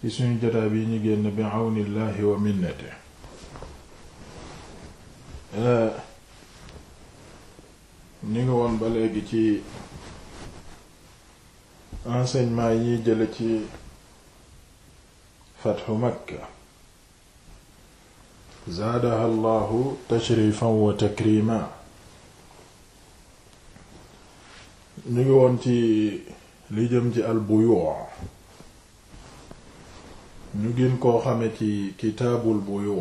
ci suñu jotaa yi ñu génn bi àwnillaahi wa minnate ñu ngi woon ba léegi ci enseignement yi jële ci fatxu makka zaadaha allahu tashrifan wa takrima ñu ngi woon ci li jëm ci al buyuu ñu gën koo xame ci kitaabul buyu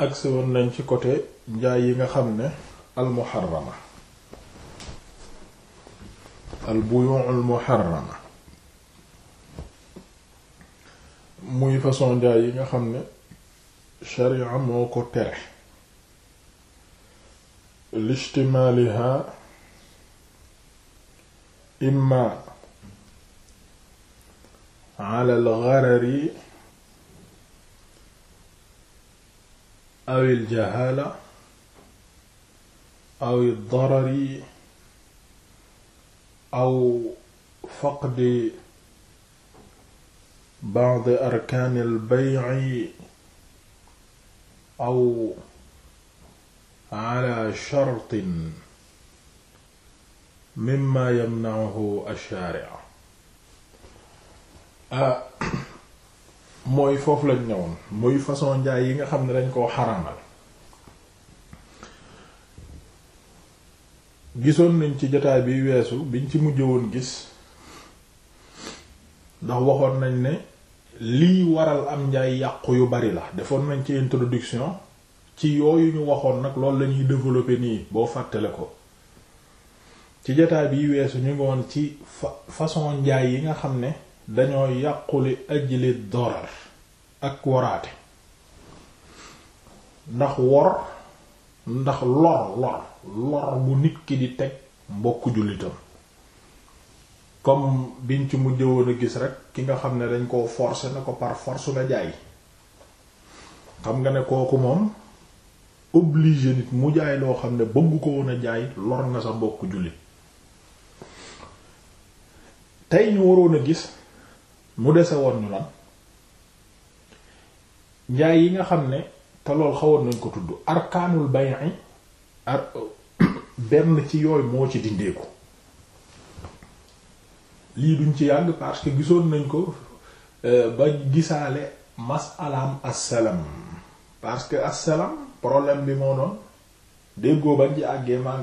agsi woon nañ ci côté njaay yi nga xam ne almuharrama al buyu al muharrama muy façon njaay yi nga xam ne sharia moo ko tere lishtimaliha imma ala al-gharari aw al-jahala aw ad-darari aw faqdi ba'd arkaan al-bay'i aw ala shartin mimma yamna'uhu ash-shari'a ah mooy foofu lañ ñëwoon muy façon njaay yi nga xam ne dañ koo xaraamal gisoon nañ ci jotaay bi weesu biñ ci mujj woon gis ndax waxoon nañ ne lii waral am njaay yàq yu bari la defoon nañ ci introduction ci yooyu ñu waxoon nag loolu lañuy développer nii boo fàttale ko ci jotaay bii weesu ñu ngi woon ci façon njaay yi nga xam ne dañoo yàquli ajli dorar ak waraate ndax wor ndax lor lor lor bu nit ki di teg mbokk jullitam comme biñ mujj woon a gis rek ki nga xam ne dañ koo forcer na ko par force nga jaay xam nga ne kooku moom obligé nit mu jaay loo xam ne bëgg ko woon a jaay lor nga sa mbokku jullit tey ñu waroon a gis mu dese woon ñu lan njaay yi nga xam ne te lool xawoon nañ ko tudd arkaanul bay'i ar benn ci yooyu moo ci dindeeku lii duñ ci yàgg parce que gisoon nañ ko euh, ba gisaale masalaam assalam parce que assalam problème bi moo doon déggoo bañ ci àggee maa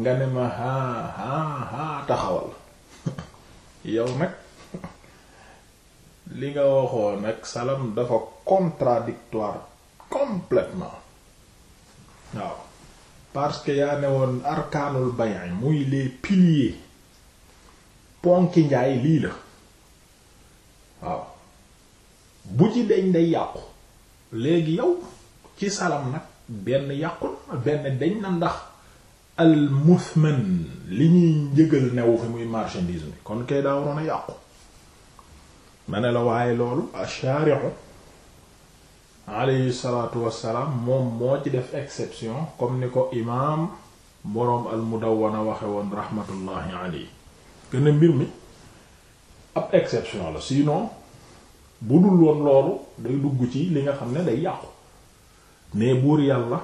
nga ne ma haa haa haa taxawal yow nag li nga waxoo nag salam dafa contradictoire complètement waaw parce que yaa ne woon arkaanul bay'i muy les piliers ponki njaay lii la waaw bu ci deñ day yàqu léegi yow ci salam nag benn yàqul benn deñ na ndax al muthman li ñuy njëgal newu fi muy marchandise mi kon kay daa a yàqu ma ne la waaye loolu ash-shari'u alayhi salaatu wassalaam moom moo ci def exception comme ni ko imaam boroom al mudawwana waxe woon rahmatullahi alayhi gën mbir mi ab exception la sinon bu dul woon loolu day dugg ci li nga xam ne day yàqu mais buur yàlla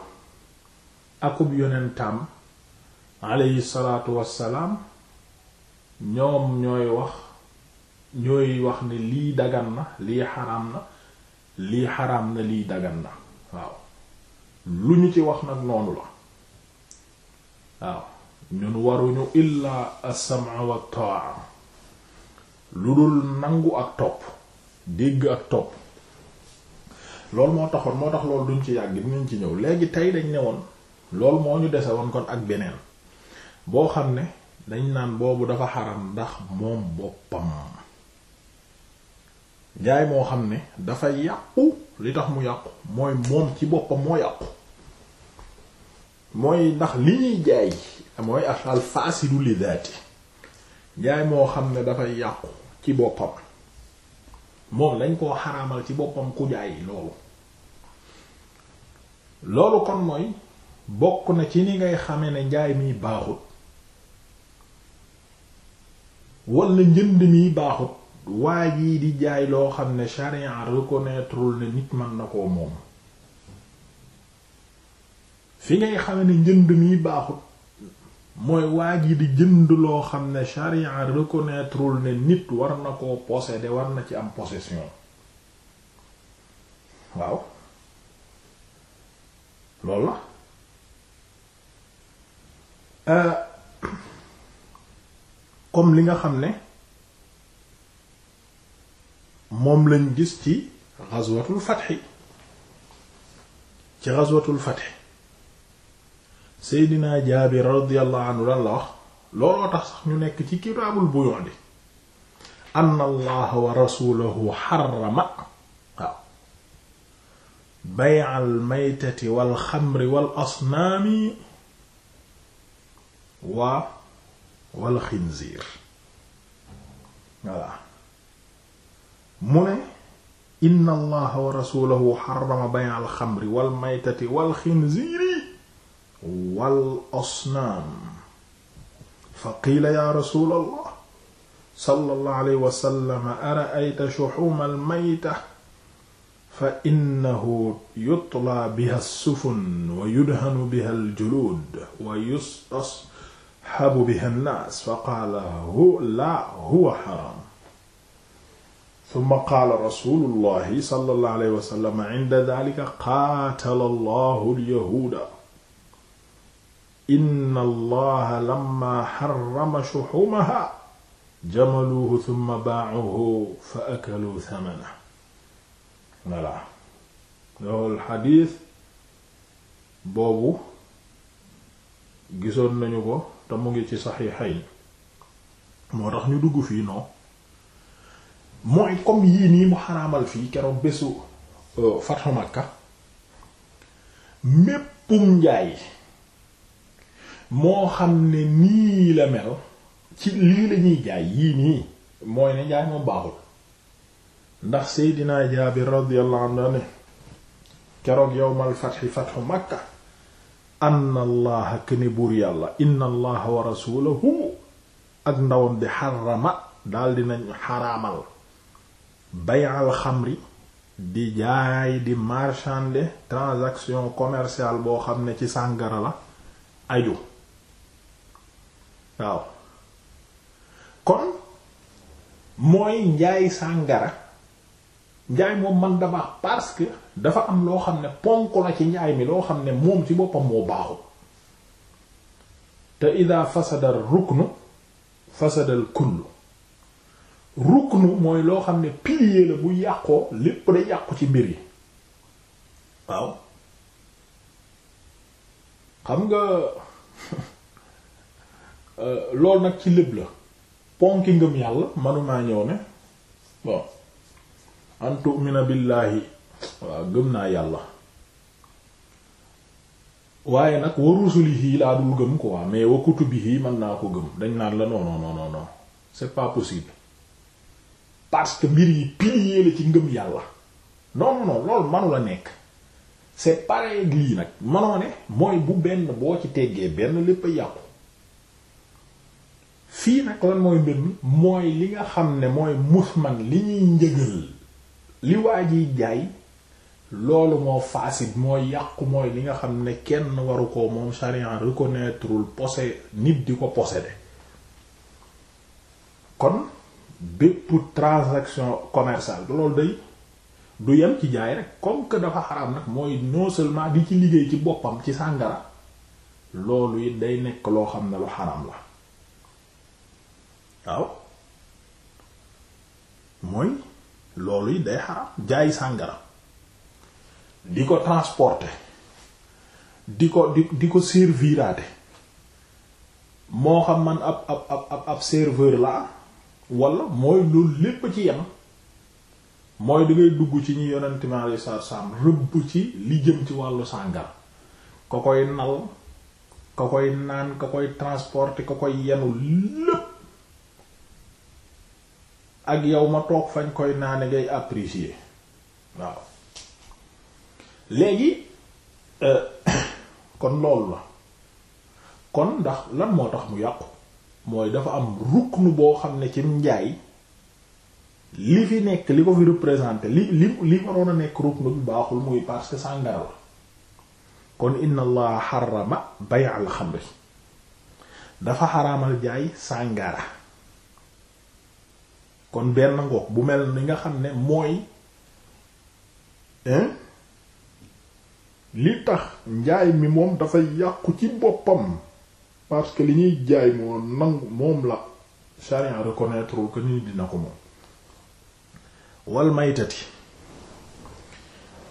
akub yonentam aleyhi salaatu was salaam ñoom ñooy wax ñooy wax ne lii dagan na lii xaraam na lii xaram na lii dagan na waaw lu ñu ci wax nag noonu la waaw ñun waruñu illaa as-sam'a wa ta'a lu dul nangu ak topp dégg ak topp loolu moo taxoon moo tax loolu duñ ci yàgg ñu dinañ ci ñëw léegi tey dañ ne woon loolu moo ñu dese woon kon ak beneen boo xam ne dañ naan boobu dafa xaram ndax moom boppam njaay moo xam ne dafa yàqu li tax mu yàqu mooy moom ci boppam moo yàqu mooy ndax li ñuy jaay mooy al faasidu li daati njaay moo xam ne dafa yàqu ci boppam moom lañ koo xaramal ci boppam ku jaay loolu loolu kon mooy bokk na ci ni ngay xame ne njaay mi baaxut wala njënd mi baaxut waa jii di jaay loo xam ne charia reconnaîtreul ne nit mën na koo moom fi ngay xam ne njënd mi baaxut mooy waa jii di jënd loo xam ne charia reconnaîtreul ne nit war na koo posséder war na ci am possession waaw loolu la euh, comme li nga xam ne moom lañ gis ci ghazwatul fathi seydina jaabir radiyallahu lan la wax looloo tax sax ñu nekk ci kitaabul buyu' di anna allaha wa rasulahu xarama waaw bay'a al maytati wal xamri waa wal xinziir voilà mu ne inna allaha wa rasulahu xarama bay al xamri wal maytati wal xinziiri wal asnaam fa qiila ya rasul allah sallallahu alayhi wa sallam ara'ayta shuxuuma al mayta fa innahu yutlaa biha as-sufun wa yudhanu biha al juluud wa yustas yadhabu biha nnaas fa qaala hu laa huwa xaram summa qaala rasulullahi sallallahu alayhi wa sallam inda dhalika qaatala allahu alyahuuda inna allaha lamma harrama shuhumaha jamaluuhu summa baacuhu fa akaluu thamanahu voilà loolu xadiis boobu gisoon nañu ko te mu ngi ci saxiixayn moo tax ñu dugg fii noo mooy comme yii nii mu xaraamal fii keroog bésu euh, fathu Makka méppum njaay moo xam ne nii la mel ci lii lañuy jaay yii nii mooy ne njaay moom baaxul ndax Seydina Jaabir radiyallahu anhu ne keroog yowmal fathi fathu Makka anna allaha kene buur yàlla inna allaha wa rasulahu ak ndawam bi xarama daldi nañu xaraamal bay'al xamri di jaay di marchande transaction commercial boo xam ne ci sàngara la aju waaw kon mooy njaay sàngara njaay moom man dama parce que dafa am loo xam ne ponk la ci njaay mi loo xam ne moom ci boppam moo baaxul te ida fasada ruknu fasadal kullu ruknu mooy loo xam ne pilier la bu yàqoo lépp da yàqu ci mbir yi waaw xam nga euh, loolu nag ci lépp la ponki ngëm yàlla manumaa ñëw ne bon an tu'mina billaahi waaw gëm naa yàlla waaye nag wa rusulihi laa dul gëm quoi mais wa kutubihi mën naa ko gëm dañ naan la non non non non c'est pas possible la nekk c'est pareil ak lii nag manoo mooy bu benn boo ci teggee benn lépp a yàqu fii nag lan mooy mbir mooy li nga xam ne mooy musman li ñuy njëgal li waa jiy jaay loolu moo fasid moo yàqu mooy li nga xam ne kenn waru ko moom charian reconnaîtreul posé nit di ko posséder kon bépp transaction commerciale loolu day du yem ci jaay rek comme dafa xaram nag mooy non seulement di ci liggéey ci boppam ci sàngara loolu it day nekk loo xam ne lu xaram la waaw mooy loolu yi day xaraam jaay sàngara di ko transporter di ko di di ko serviraate moo xam man ab ab ab ab serveur laa wala mooy loolu lépp ci yem mooy da ngay dugg ci ñu yonent mi alayhi ci li jëm ci wàllu sàngara ka koy nal ka koy naan ka koy transporter ka koy yenu lépp ak yow ma toog fañ koy naane ngay apprécier waaw léegi euh, kon loolu la kon ndax lan moo tax mu yàqu mooy dafa am ruknu boo xam ne ci njaay li fi nekk li ko fi représenté li li li waroon a nekk ruknu bu baaxul muy parce que sàngara la kon inna allaha xarama bay al xamri dafa xaraamal jaay sàngara kon benn ngoog bu mel ni nga xam ne mooy li tax njaay mi moom dafa yàqu ci boppam parce que li ñuy jaay moo nangu moom la charia reconnaître que ni dina ko moom wal maytati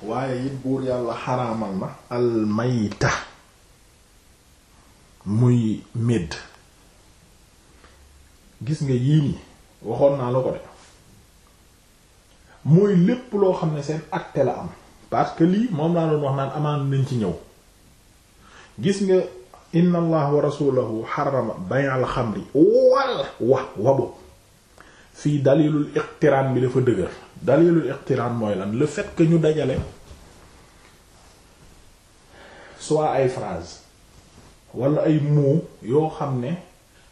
waaye it buur yàlla xaraamal na al muy médd gis nga yii nii waxoon naa la ko de mooy lépp loo xam ne seen acte la am parce que lii moom laa doon wax naan amaan nañ ci ñëw gis nga inna allah wa rasulahu xarama bay'al xamri wal wa wabo fii dalilul iqtiraan bi dafa dëgër dalilul iqtiraan mooy lan le fait que ñu dajale soit ay phrase wala ay mots yoo xam ne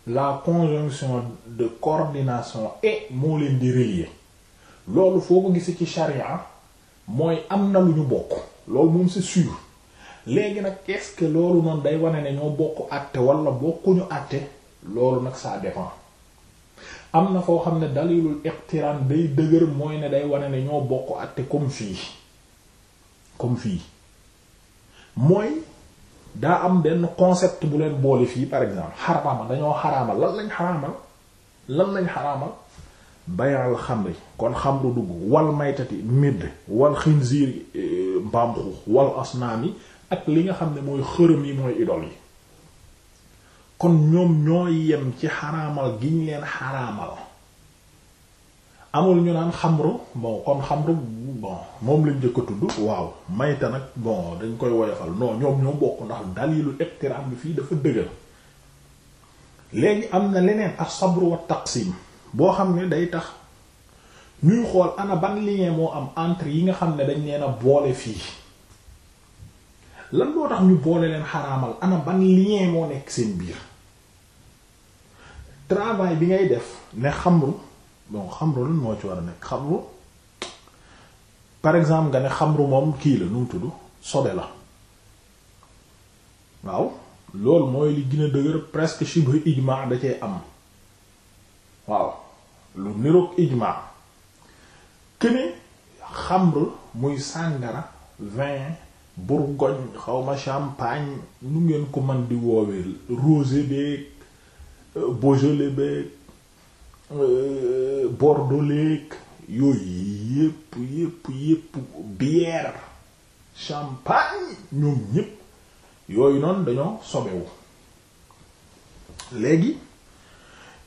la conjonction de coordination et moo leen di relier loolu foo ko gisee ci charia mooy am na lu ñu bokk loolu moom c'est sûr léegi nag est-ce que loolu noonu day wane ne ñoo bokk àtte wala bokkuñu àtte loolu nag ça dépend am na foo xam ne dalilul iqtiran day dëgër mooy ne day wane ne ñoo bokk àtte comme fii comme fii mooy daa am benn concept bu leen boole fii par exemple xaraamal dañoo xaraamal lan lañ xaraamal lan lañ xaraamal bayal xamri kon xamru dugg wal maytati midd wal xinziir eh, mbaam xuux wal asnaam yi ak li nga xam ne mooy xërëm yi mooy idol yi kon ñoom ñoo yem ci xaraamal gi ñu leen xaraamal amul ñu naan xamru bon kon xamru bon moom lañ njëkk a tudd waaw mayta nag bon dañ koy woyofal non ñoom ñoo bokk ndax dalilu iqtiraan bi fii dafa dëgër léegi am na leneen as-sabru wa taqsim boo xam ne day tax ñuy xool ana ban lien moo am entre yi nga xam ne dañ leen a boole fii lan moo tax ñu boole leen xaraamal ana ban lien moo nekk seen biir travail bi ngay def ne xamru bon xamru lan moo ci war a nekk xamru par exemple nga ne xamru moom kii la nu mu tudd sobe la waaw loolu mooy li gën dëgër presque shibhu ijma da cee am waaw lu niroog ijma këne xamru muy sàngara vin bourgogne xawma champagne nu ngeen ko man di woowee rosé beeg euh, beaujolais beeg euh, bordeaux leeg yooyu yépp yépp yépp bière champagne ñoom ñépp yooyu noonu dañoo sobewu léegi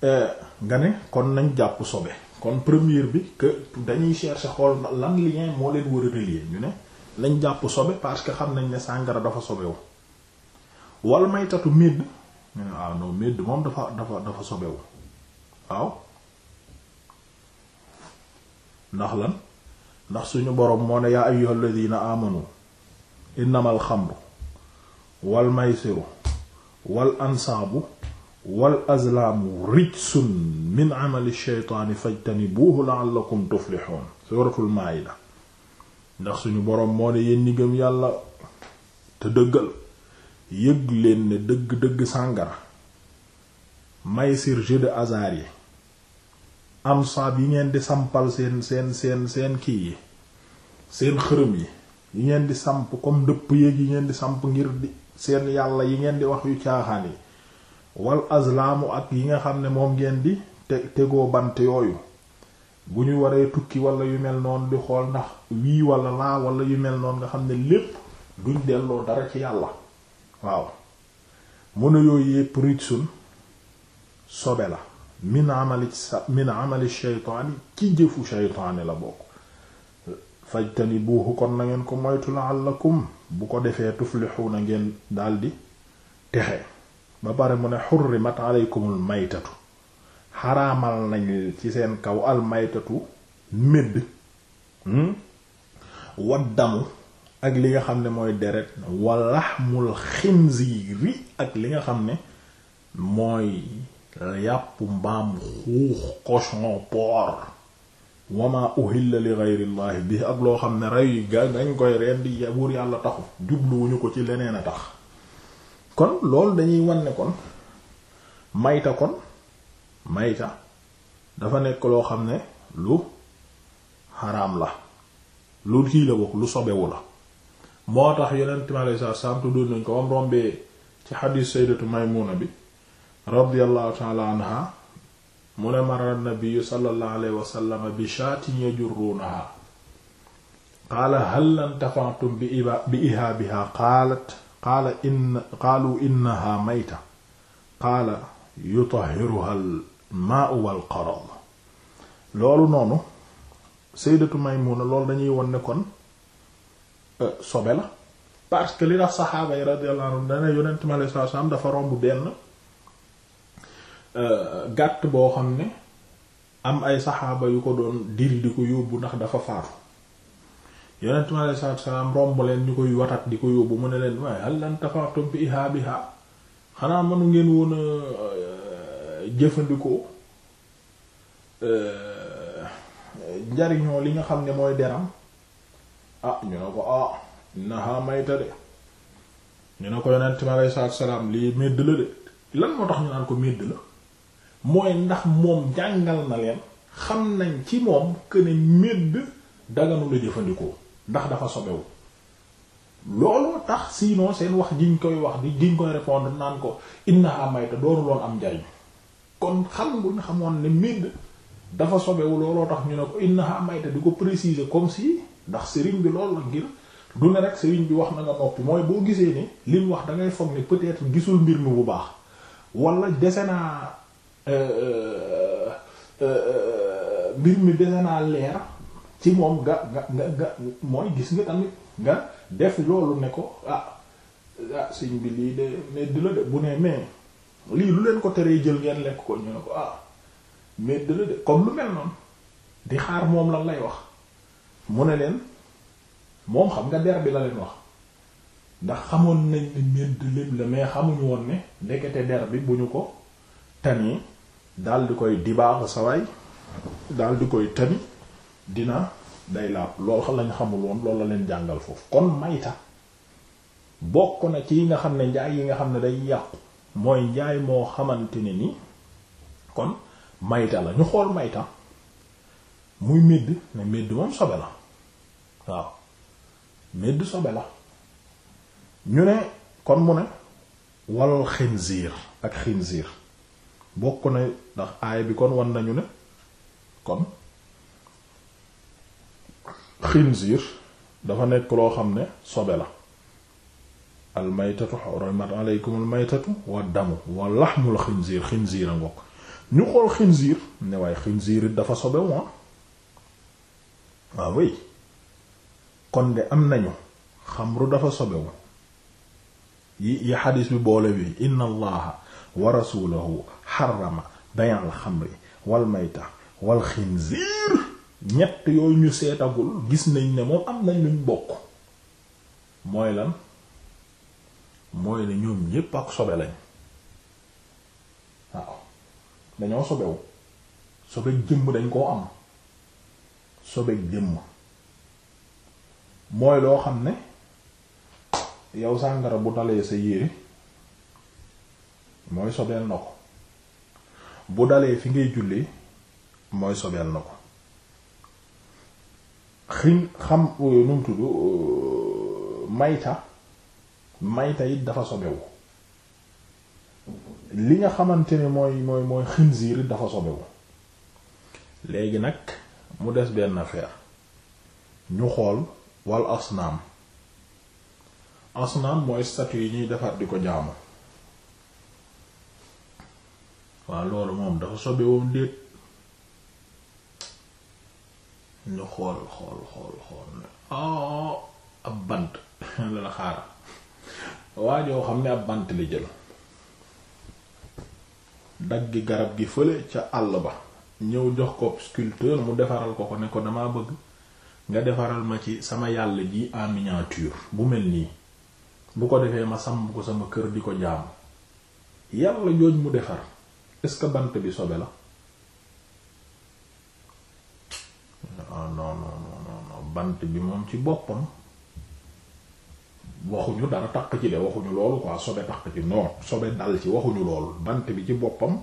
euh, nga ne kon nañ jàpp sobe kon première bi que dañuy chercher xool lan lien moo leen war a relier ñu ne nañ jàpp sobe parce que xam nañ ne sàngara dafa sobewu wal maytatu médd ñu ne ah moom dafa dafa dafa sobewu waaw ndax lan ndax suñu boroom moo ne yaa ayyuhal ladina amanu innamal xamru wal maysiru wal ansaabu wal azlaamu rijsun min amali shaytaani fajtanibuuhu la'allakum tuflixuun suuratul maayida ndax suñu borom moo ne yéen ñi gëm yàlla te dëggal yëg leen ne dëgg dëgg sàngara maysir jeu de hasard yi ansaab yi ngeen di sampal seen seen seen seen kii yi seen xërëm yi yi ngeen di samp comme dëpp yéeg yi ngeen di samp ngir di seen yàlla yi ngeen di wax yu caaxaan yi wal azlaamu ak yi nga xam ne moom ngeen di te tegoo bant yooyu bu ñu waree tukki wala yu mel noonu di xool ndax wii wala laa wala yu mel noonu nga xam ne lépp duñ delloo dara ci yàlla waaw mu ne yooyu yépp ritsun sobe la min amali min amali shaytaani ci jëfu shaytaani la bokk fajtani buuxu kon na ngeen ko moytu la'allakum bu ko defee na ngeen daldi texe ba pare mu ne xurrimat aleykumul maytatu xaraamal nañ ci seen kaw al maytatu médd hmm? waddamu ak li nga xam ne mooy deret walaxmul xinziiri ak li nga xam ne mooy yàpp mbaam xuux cochon porc wama uhilla li ghayrillahi bi ak loo xam ne rey ga dañ koy rend buur yàlla taxu jubluwuñu ko ci leneen a tax kon loolu dañuy wanne kon mayta kon mayta dafa nekk loo xam ne lu xaraam la lu kii la bokk lu sobewu la moo tax yonent mi alayhi du tuddoon nañ ko wam rombee ci xadiis sayyidatu Maymuna bi radiyallahu taala anha mu ne mara nabiyu sallallahu wa sallam bi shaatin yajurruunaha qaala hal intafa'tum bi ihaabiha qaalat in qaalu innaha mayta qaala yutahhiruha al maa'u wal loolu noonu sayyidatu Maymuna loolu dañuy won ne kon euh, sobe la parce que li tax saxaaba romb benn Euh, gàtt boo xam ne am ay saxaaba yu ko doon diri di ko yóbbu ndax dafa faatu yonent mi alayhi salaatu di ko yóbbu mu ne leen waaye hal antafa'tum bihaa bihaa xanaa mënu ngeen woon a euh, jëfandikoo euh, njariñoo li nga xam ne mooy deram ah ñu ne ko ah innahaa mayta de ñu ne ko yonent mi alayhi la de lan moo tax ñu naan ko medd la mooy ndax moom jàngal na leen xam nañ ci moom que ne medd daganu la jëfandikoo ndax dafa sobewu loolu tax sinon seen wax jiñ koy wax di jiñ koy répondre naan ko innaha mayta doonu loon am njariñ kon xam nga xamoon ne medd dafa sobewu looloo tax ñu ne ko innaha mayta di ko préciser comme si ndax sëriñ bi loolu la ngir du ne rek sëriñ bi wax na nga noppi mooy boo gisee ne lim wax da ngay foog ne peut-être gisul mbir mi bu baax wala dese naa Euh, euh, euh, mbir mi dese naa leer ci moom ga nga nga nga mooy gis nga tamit nga def loolu ne ko ah ah sëñ bi lii de medd la de bu ne mais lii lu leen ko teree jël ngeen lekk ko ñu ne ko ah medd la de comme lu mel noonu di xaar moom lan lay wax mu ne leen moom xam nga der bi la leen wax ndax xamoon nañ ne medd lim la mais xamuñu woon ne ndekete der bi bu ñu ko tani dal di koy dibaaxa sawaay dal di koy tani dina day laab lool xam lañ xamul woon loolu la leen jàngal foofu kon mayta bokk na ci yi nga xam ne njaay yi nga xam ne day yàqu mooy njaay moo xamante ne ni kon mayta la ñu xool mayta muy médd ne médd moom sobe la waaw médd sobe la ñu ne kon mu ne wal xinziir ak xinziir bokk na ndax aay bi kon wan nañu ne kon xinziir dafa nekk loo xam ne sobe la almaytatu hurrimat alaykum almaytatu wa damu wa laxmul xinziir xinziir a ngoog ñu xool xinziir ne waaye xinziir dafa sobe woon wéy ah kon de am nañu xamru dafa sobe woon yi yi xadiis bi boole wi inna allaha wa rasulahu xarama bayal xamri wal mayta wal xinziir ñett yooyu ñu seetagul gis nañ ne moom am nañ luñ bokk mooy lan mooy ne ñoom ñépp ak sobe lañ waaw dañoo sobewu sobeek jëmm dañ koo am sobeek jëmm mooy loo xam ne yow sàngara bu dalee sa yére mooy sobeel na ko bu dalee fi ngay julli mooy sobeel na ko xin xam euh, nu mu tudd euh, mayta mayta it dafa sobewu li nga xamante ne mooy mooy mooy it dafa sobewu léegi nag mu des benn affaire ñu xool wal asnaam asnaam mooy statue yi ñuy defar di ko jaamu waaw loolu moom dafa sobe woon déet ñu xool xool xool xool ah ab bant la xaaral waa joo xam ne ab bant la jël dagg garab gi fële ca àll ba ñëw jox ko sculpteur mu defaral ko ko ne ko damaa bëgg nga defaral ma ci sama yàlla ji en bu mel nii bu ko defee ma sàmm ko sama kër di ko jaam yàlla jooj mu defar est-ce que bant bi sobe la ah, non non non non bant bi moom ci boppam waxuñu dara takk ci de waxuñu loolu quoi sobe takk ci non sobe dal ci waxuñu loolu bant bi ci boppam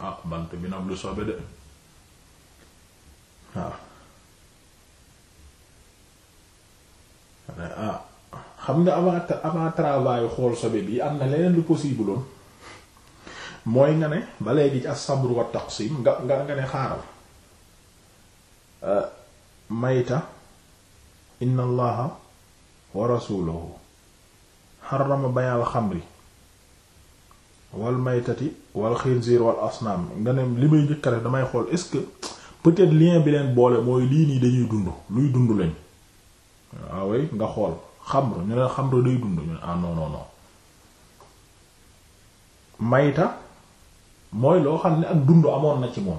ah bant bi nag lu sobe de waaw ah. ah xam nga avant avant xool sobe bii am na leneen lu possible woon mooy nga ne ba léegi ci as-sabr wa taqsim nga nga nga ne xaaral euh, mayta inna allaha wa rasuluhu xarama bayaal xamri wal maytati wal xinziir wal asnaam nga ne li may njëkk rek damay xool est-ce que peut-être lien bi leen boole mooy lii nii dañuy dund luy dund lañ waaw ah nga xool xamru ñu ne xamru day dund ñu ne ah non non mayta mooy loo xam ne ak dundu amoon na ci moom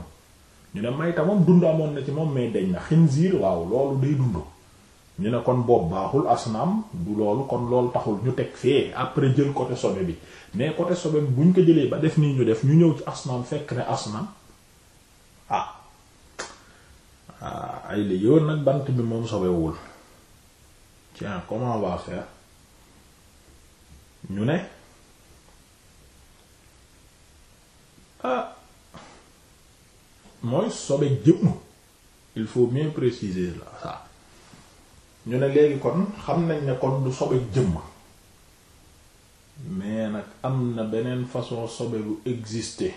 ñu ne mayta moom dund amoon na ci moom mais dañ na xinziir waaw loolu day dund ñu ne kon boobu baaxul asnaam du loolu kon loolu taxul ñu teg fee après jël côté sobe bi mais côté sobe bu buñ ko jëlee ba def nii ñu def ñu ñëw ci asnaam fekk ne asnaam ah, ah ay la yoon nag bant bi moom sobewul tiens comment on va faire ñu ne ah mooy sobe jëmm il faut bien préciser la ça ñu ne léegi kon xam nañ ne kon du sobe jëmm mais nag am na beneen façon sobe bu exister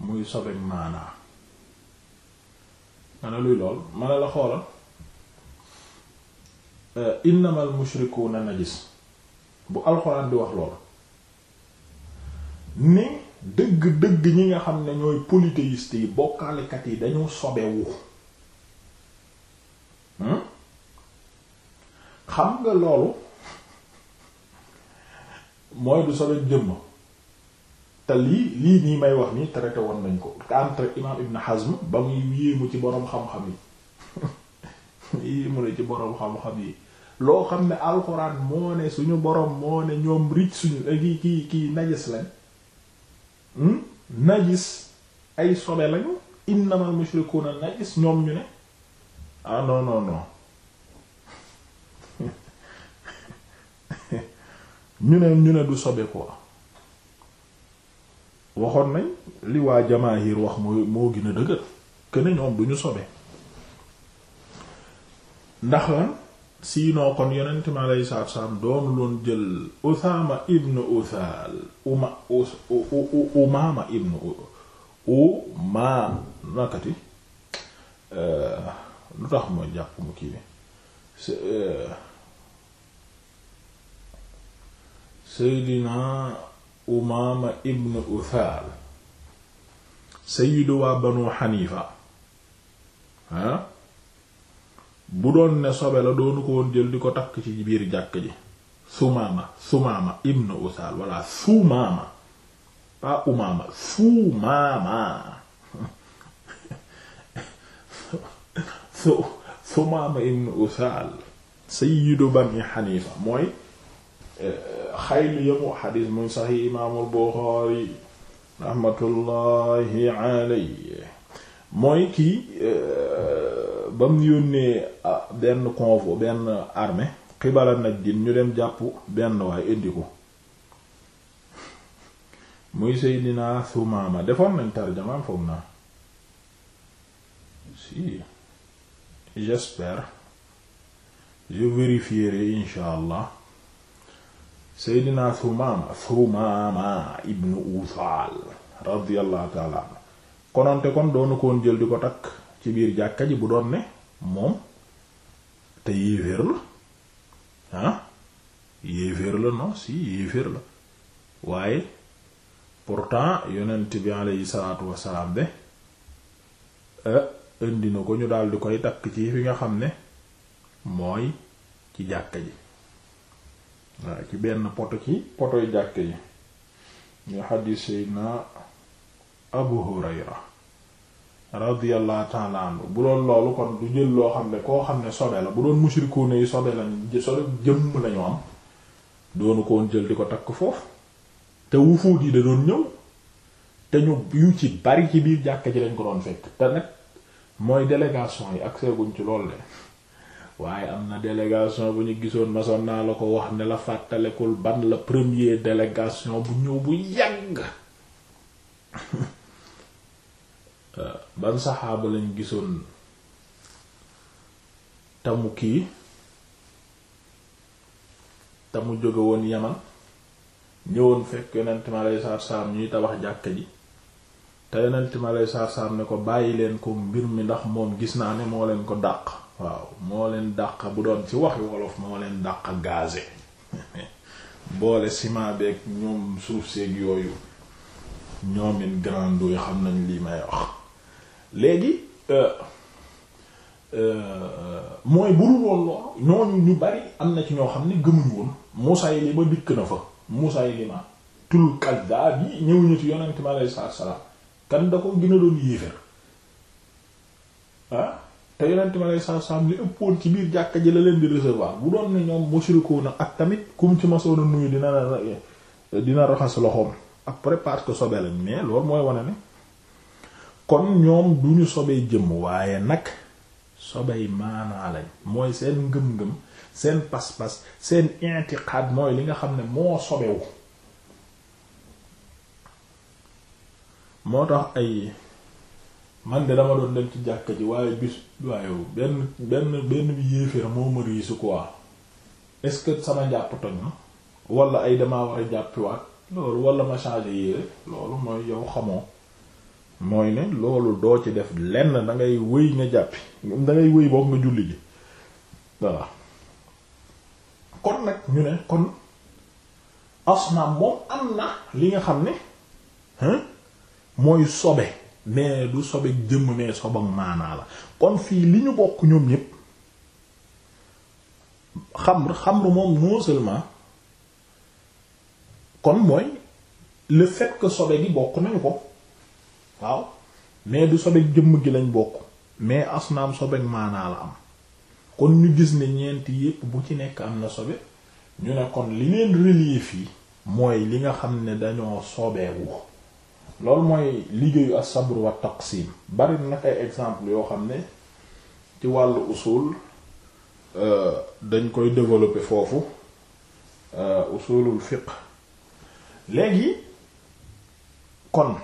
muy sobe maanaa ma luy lool ma ne la xoolal euh, innamal mushrikuuna najis bu alxuraan di wax lool ni dëgg-dëgg ñi nga xam ne ñooy polythéistes yi bokkaalekat yi dañu sobewu hmm? xam nga loolu mooy du sobe jëmm te lii lii nii may wax nii traité woon nañ ko entre imam Ibn Hazm ba muy yéemu ci boroom xam-xam yi yéemu ne ci boroom xam-xam yi loo xam ne alxuraan moo ne suñu boroom moo ne ñoom ricc suñu eh, kii kii kii najis lañ Hmm? najis ay sobe lañu innamal mushrikuuna najis ñoom ñu ne ah non ñu ne ñu ne du sobe quoi waxoon nañ li waa jamaahir wax moo moo gën a dëgër que ne ñoom du ñu sobe ndax lan siinoo kon yonent mi alayhi salaatu salaam doonu loon jël Usaama ibn Usaal Umaama ibn Umaama nakati euh, lu tax ma jàpp mu kii bi euh, Seydina Umaama ibn Usaal sayyidu Banu Haniifa ah bu doon ne sobe la doonu ko woon jël di ko takk ci biir jàkk ji sumaama sumaama ibnu usal walla sumaama pas sumaama su sumaama ibnu usal sayyidu bani xanifa mooy eh, xaylu yamu xadiis muy saxi imaamul buxaari raxmatullahi alayhi mooy kii euh, ba mu yónnee ah, benn convoi benn armée xibala nag din ñu dem jàpp benn waaye indi ko muy Seydina Sumaama defoon nañ tarjamaam foog naa si j'espère je vérifierai incha allah Seydina Sumaama Sumaama ibnu Usaal radiyallahu taala kononte kon doonu koon jël di ko takk ci biir jàkka ji bu doon ne moom te yéeféer la ah, no si yéeféer la waaye pourtant yonent bi aleyhi salaatu wasalaam de eh, indi na ko ñu daal di koy takk ci fi nga xam ne mooy ci jàkka ji waaw ci benn poto ci potoy jàkka ji ñu xadiis Seydina abu hurayra radiyallahu ta'ala anhu bu doon loolu kon du jël loo xam ne koo xam ne sobe la bu doon mushrikuuna yi sobe lañu sobe jëmm lañu am doonu ko woon jël di ko takk foofu te wufuut yi da doon ñëw te ñu yu ci bari ci biir jàkka ji lañ ko doon fekk te nag mooy délégation yi ak seeguñ ci lool de waaye am na délégation bu ñu gisoon masoon naa la ko wax ne la fàttalekul ban la première délégation bu ñëw bu yàgg Euh, ban saxaaba lañ gisoon tamu kii tamu jóge woon yaman ñëwoon fekk yonent mi aleyhi salaatu salaam ñuy tabax jàkka ji te yonent mi aleyhi salaatu salaam ne ko bàyyi leen ko mbir mi ndax moom gis naa ne moo leen ko dàq waaw moo leen dàq bu doon ci waxi wolof moo leen dàq gaze boole ciment ñoom suuf seeg yooyu ñoomin grandooy xam nañ lii may wax léegi euh, euh, mooy bu dul woon loolu ñooñu ñu bari am na ci ñoo xam ne gëmuñu woon Musaylima dikk na fa Musaylima tul kaddaab yi ñëw ñu ci yonent ma alayhi salaatu salaam kan da ko gën a doon yéeféer ah? te yonent mi alayhi salaatu salaam li ëppoon ci biir jàkka ji la leen di recevoir bu doon ne ñoom mushrikuuna ak tamit kum ci masoon a nuyu dina dina raxas loxoom après parce que sobe lañ mais loolu mooy wane ne kon ñoom duñu sobee jëm waaye nag sobey maanaa mooy seen ngëm-ngëm seen pas-pas seen intiqaad mooy li nga xam ne moo sobewu moo tax ay man de dama doon dem ci jàkka ji waaye bis waaye benn benn benn yéeféer moo ma riisu quoi est-ce que sama njàpp toj na wala ay damaa war a jàppiwaat loolu wala ma changer yére loolu mooy yow xamoo mooy ne loolu doo ci def lenn da ngay wëy nga jàppi da ngay wëy boog nga julli ji voilà kon nag ñu ne kon asnaam moom am na li nga xam ne mooy sobe mais du sobe jëmm mais sobe maanaa la kon fii li ñu bokk ñoom ñépp xamr xamr moom non kon mooy le fait que sobe gi bokk nañu ko waaw mais du sobeek jëmm gi lañ bokk mais asnaam sobeek maanaa la am kon ñu gis ne ñeenti yépp bu ci nekk am na sobe ñu ne kon li leen relief yi mooy li nga xam ne dañoo sobeewu loolu mooy liggéeyu as-sabr wa taqsim bari nag ay exemple yoo xam ne ci wàll usul euh, dañ koy développer foofu euh, usulul fiqh léegi kon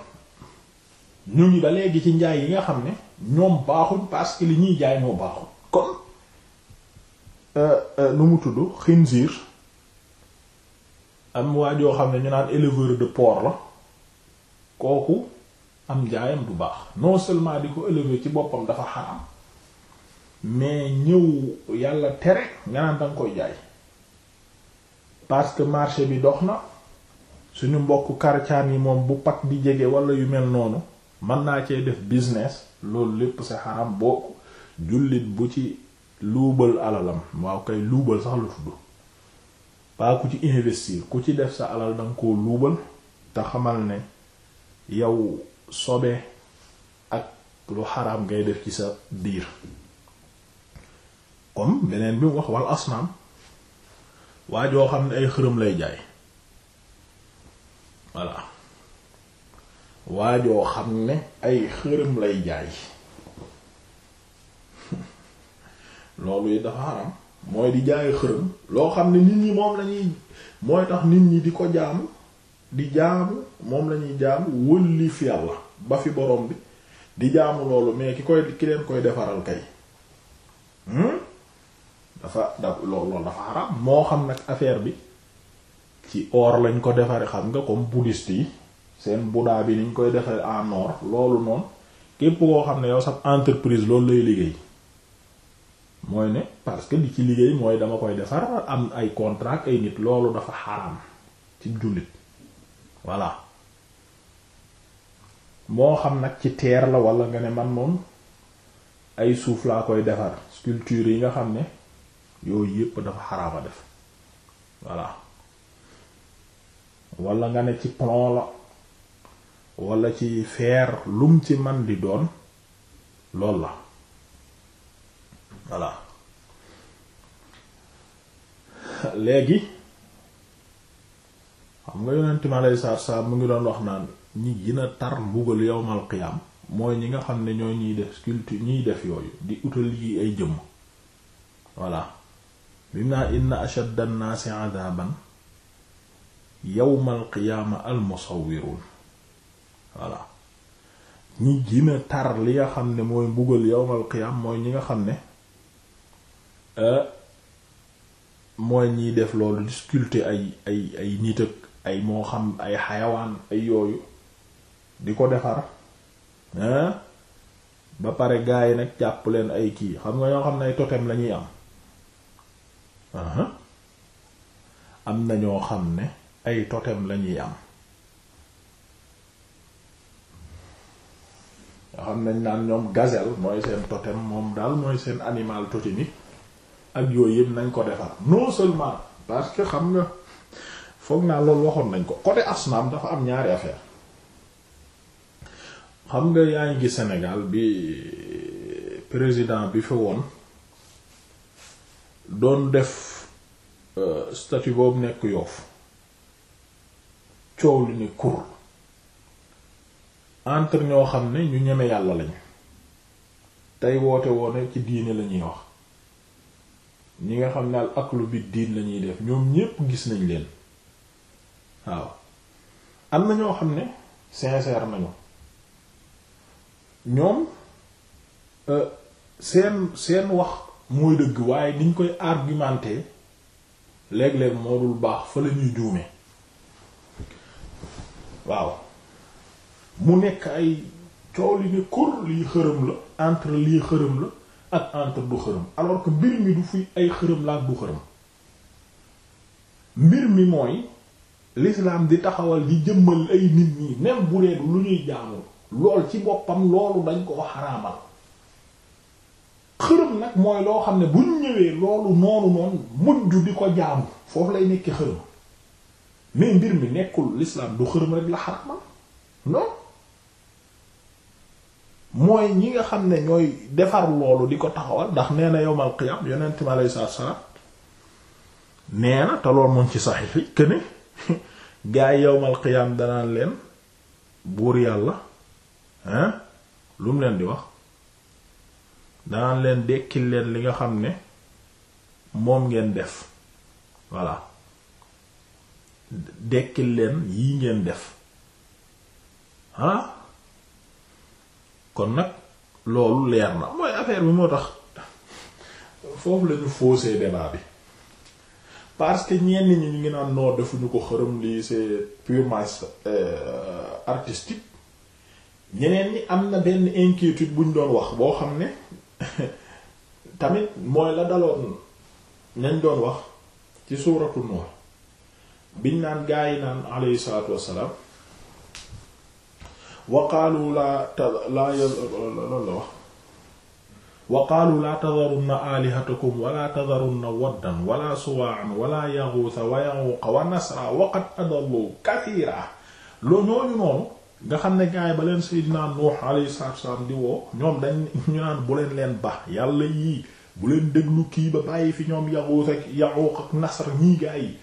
ñu ngi ba léegi ci njaay yi nga xam ne ñoom baaxul parce que li ñuy jaay moo baaxuñ kon lu euh, euh, mu tudd xinziir am waa joo xam ne ñu naan éleveur de porc la kooku am jaayam du baax non seulement di ko élever ci boppam dafa xaram mais ñëw yàlla tere nga naan danga koy jaay parce que marché bi dox na suñu mbokk karcaan yi moom bu pak bi jege wala yu mel noonu mën naa cee def business loolu lépp c'est xaram boo jullit bu ci luubal alalam waaw kay luubal sax lu tudd pas ku ci investir ku ci def sa alal danga koo luubal te xamal ne yow sobe ak lu xaraam ngay def ci sa biir comme beneen bi mu wax wal asnaam waa joo xam ne ay xërëm lay jaay voilà waa joo xam ne ay xërëm lay jaay loolu yi dafa haram mooy di jaay xërëm loo xam ne nit ñi moom lañuy mooy tax nit ñi di ko jaamu di jaamu moom lañuy jaamu fi yàlla ba fi borom bi di jaamu loolu mais ki koy ki leen koy defaral kay hmm? dafa da loolu dafa haram moo xam nag affaire bi ci or lañ ko defaree xam nga comme bouddhiste yi seen budaa bi niñ koy defee en or loolu noonu képp koo xam ne yow sax entreprise loolu lay liggéey mooy ne parce que li ci liggéey mooy dama koy defar am ay contrat ay nit loolu dafa xaram ci jullit voilà moo xam nag ci terre la wala nga ne man moom ay suuf laa koy defar sculpture yi nga xam ne yooyu yépp dafa xaraama def voilà wala nga ne ci plomb la wala ci feer lum ci man di doon lool la voilà léegi xam nga yonent mi alayhi salaatu salaam mu ngi doon wax naan ñi gën a tar mbugal yawmal qiyaam mooy ñi nga xam ne ñoo ñuy def sculpture ñuy def yooyu di utal yi ay jëmm voilà bi naa inna ashadda an-naasi adaaban yawmal qiyaama al voilà ñi gina tar li nga xam ne mooy mbugal yawmal qiyam mooy ñi nga xam ne euh, mooy ñiy def loolu di ay ay ay nit ak ay moo xam ay xayawaan ay yooyu di ko defar ba pare gaa yi nag jàpp leen ay kii xam nga ñoo xam ne ay totem lañuy am am na ñoo xam ne ay totem lañuy am nga xam nañ naan ñoom gazelle mooy seen totem moom daal mooy seen animal totémique ak yooyu yëpp nañ ko defar non seulement parce que xam nga foog naa loolu waxoon nañ ko côté asnaam dafa am ñaari affaire xam nga yaa ngi senegal bi président bi fi woon doon def euh, statut boobu nekk yoofu coow lu ne kur entre ñoo xam ne ñu ñeme yàlla lañ tey woote woone ci diine la ñuy wax ñi nga xam ne al aklu bi diin la def ñoom ñépp gis nañ leen waaw am na ñoo xam ne sincère nañu ñoom euh, seen seen wax mooy dëgg waaye niñ koy argumenter léeg-léeg moo dul baax fa la ñuy juume waaw mu nekk ay coow li ni kur lii xërëm la entre lii xërëm la ak entre du xërëm alors que mbir mi du fuy ay xërëm la ak du xërëm mbir mi mooy l'islam di taxawal di jëmmal ay nit ñi même bu dee lu ñuy jaamul lool ci boppam loolu dañ koo xaraamal xërëm nag mooy loo xam ne buñ ñëwee loolu noonu noonu mujj di ko jaamu foofu lay nekk xërëm mais mbir mi nekkul l'islam du xërëm rek la xaraamal non mooy ñi nga xam ne ñooy defar loolu di ko taxawal ndax nee na yowmal qiyam yonent mi aleyhi salaatu salaam nee na te moom ci sax yi que ne gaa yi yowmal qiyam danaan leen buur yàlla hein lu mu leen di wax danaan leen dekkil leen li nga xam ne moom ngeen def voilà dekkil leen yi ngeen def ah. kon nag loolu leer na mooy affaire bi moo tax foofu lañu faussé débat bi parce que ñenn ñi ñu ngi naan noo defuñu ko xërëm lii c'est purement euh, artistique ñeneen ñi am na benn inquiétude buñ doon wax boo xam ne tamit mooy la daloon nañ doon wax ci suuratu Nuh biñ naan gaa yi naan alayhi salaatu wassalaam wa qaalu laa laa loolu la wax wa qaalu laa tadarunna alihatakum wala tadarunna waddan wala suwaa'an wala yaghutha wa ya'uqa wa nasra wa qad adallu kathiira loo ñooñu noonu nga xam ne gaay ba leen Seydina Nuux alayhi salaatu wassalaam di woo ñoom dañ ñu naan bu leen leen ba yàlla yii bu leen déglu kii ba bàyyi fi ñoom yaghutha ak ya'uq ak nasr ñii gaay yi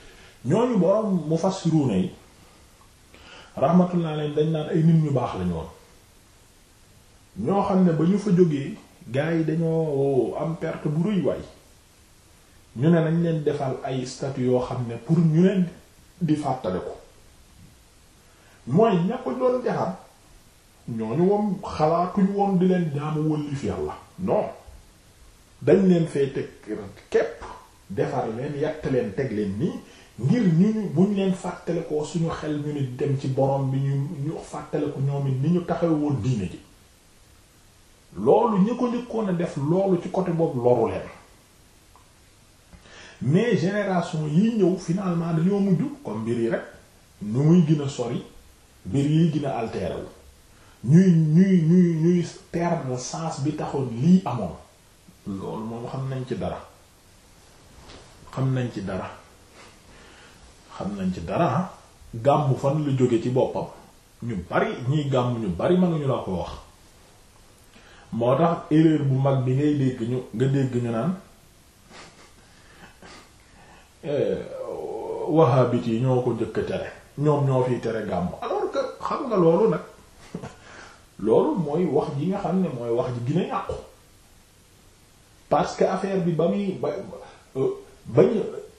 ñooñu boroom mufassiruuna yi rahmatullah alayhi dañ naan ay nit ñu baax lañu woon ñoo xam ne ba ñu fa jógee gars yi dañoo am perte bu rëy waay ñu ne nañ leen defal ay statue yoo xam ne pour ñu leen di fàttale ko mooy ña ko doon jaxam ñooñu woon xalaatuñu woon di leen jaamu wëllif yàlla non dañ leen fay teg képp defar leen yàtt leen teg leen nii ngir ñu ñu buñ leen fàttalikoo suñu xel ñu ni dem ci borom bi ñu ñu fàttaliku ñoom it ni ñu taxaw woon diine ji loolu ñi ko a def loolu ci côté boobu loru leen mais génération yi ñëw finalement dañoo mujj kon mbir yi rek ñu muy gën a sori mbir yi gën a ñuy ñuy ñuy ñuy perdre sens bi taxoon lii amoon loolu moom xam nañ ci dara xam nañ ci dara xam nañ ci dara gàmm fan lu jóge ci boppam ñu bari ñiy gàmm ñu bari ma ñu la ko wax moo tax erreur bu mag bi ngay dégg ñu nga dégg ñu naan eh, wahabit yi ñoo ko njëkk tere ñoom ñoo fiy tere gàmm alors que xam nga loolu nag loolu mooy wax ji nga xam ne mooy wax ji gën a yàqu parce que affaire bi ba muy ba euh, bañ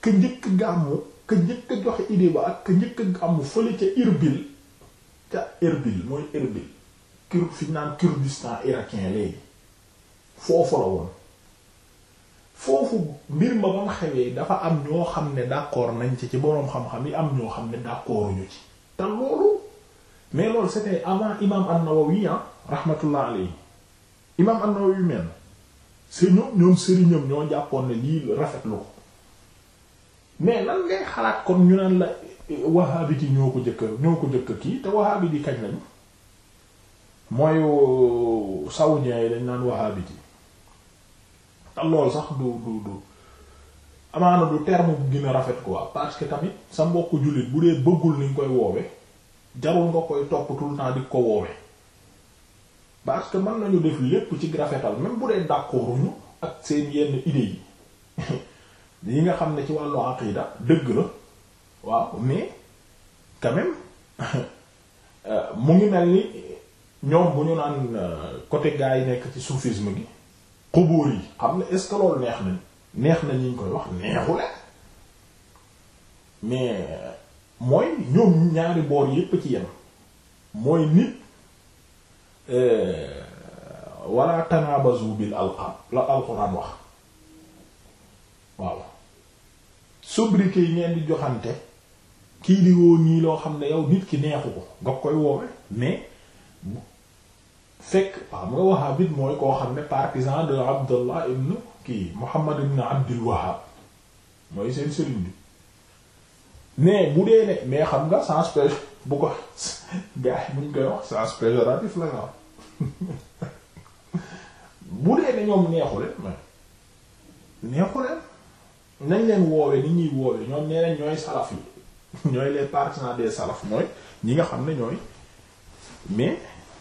ka njëkk gàmmu ka njëkk a joxe idée ba ak ka njëkk a am ca Irbil ca Irbil mooy Irbil kir fi naan Kurdistan irakien léegi foofu la woon foofu mbir ma ba xewee dafa am ñoo xam ne d'accord nañ ci ci boroom xam-xam yi am ñoo xam ne d'accord ñu ci te loolu mais loolu c'était avant imam an-Nawawi ah rahmatullah alayhi imam an-Nawawi ñoom ñoom sëriñam ñoo jàppoon ne lii rafetlu ko mais lan ngay xalaat kon ñu naan la wahhabite yi ñoo ko jëkk ñoo ko jëkk kii te wahhabite yi kañ lañu mooy euh, saoudiens dañ naan wahhabite yi te loolu sax du du du amaana du terme bu gën a rafet quoi parce que tamit sa mbokku jullit bu dee bëggul ni nga koy woowe jarul nga koy topp tout di ko woowe parce que mën nañu def lépp ci rafetal même bu dee d'accorduñu ak seen yenn idées yi yi nga xam ne ci wàllu aqida dëgg la waaw mais quand mu ngi mel ni ñoom bu ñu naan euh, côté gaa yi nekk ci soufisme gi xubóor yi xam ne est-ce que loolu neex nañ neex na koy wax neexule mais euh, mooy ñoom ñaari boor yépp ci yem mooy nit euh, wala tanabazu bil alqab la alquran wax waaw sobriquet yi ngeen di joxante kii di woo nii loo xam ne yow nit ki neexu ko nga koy woowe mais fekk waaw mu nga wahhabite mooy koo xam ne partisan de Abdallah ibn kii Muhammad ibn Abdul Wahhab mooy seen sëriñ bi mais bu dee ne mais xam nga sens péj bu ko gars yi koy wax sens péjoratif la nga bu dee ne ñoom neexu leen mais neexu leen nañ leen woowe ni ñuy woowe ñoom nee nañ ñooy salaf yi ñooy les partisans des salaf mooy ñi nga xam ne ñooy mais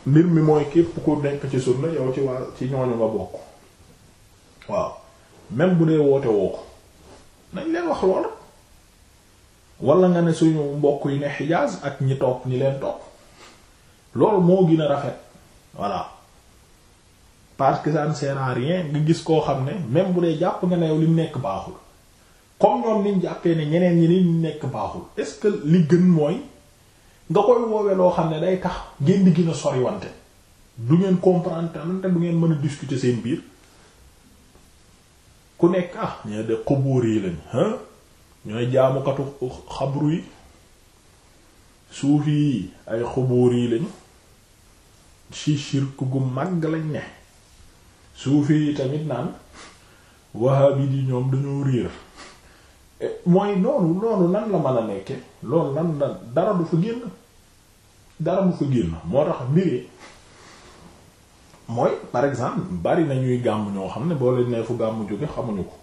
mbir mi mooy képp ku nekk ci la yow ci waa ci ñooñu nga bokk waaw même bu dee woote woo ko nañ leen wax lool wala nga ne suñu mbokk yu ne Hijaz ak ñi toog ñi leen toog loolu moo gin a rafet voilà parce que ça ne sert rien nga gis koo xam ne même bu dee jàpp nga ne yow li mu nekk baaxul comme ñoom niñ jàppee ne ñeneen ñi niñ nekk baaxul est-ce que li gën mooy nga koy woowe loo xam ne day tax ngeen di gën a soriwante du ngeen comprendre te du ngeen mën a discuter seen biir ku nekk ah ñee de xubóor yi lañ ñooy jaamukatu xabru yi suufi yi ay xubóor yi lañ ci shirk gu mag lañ ne suufi yi tamit naan wahabi yi ñoom dañoo réer mooy loolu noonu nan la mën a nekke loolu nan la dara du fa génn dara du fa génn moo tax mbiree mooy par exemple bari na ñuy gàmm ñoo xam ne boo leen nee fu gàmm jóge xamuñu ko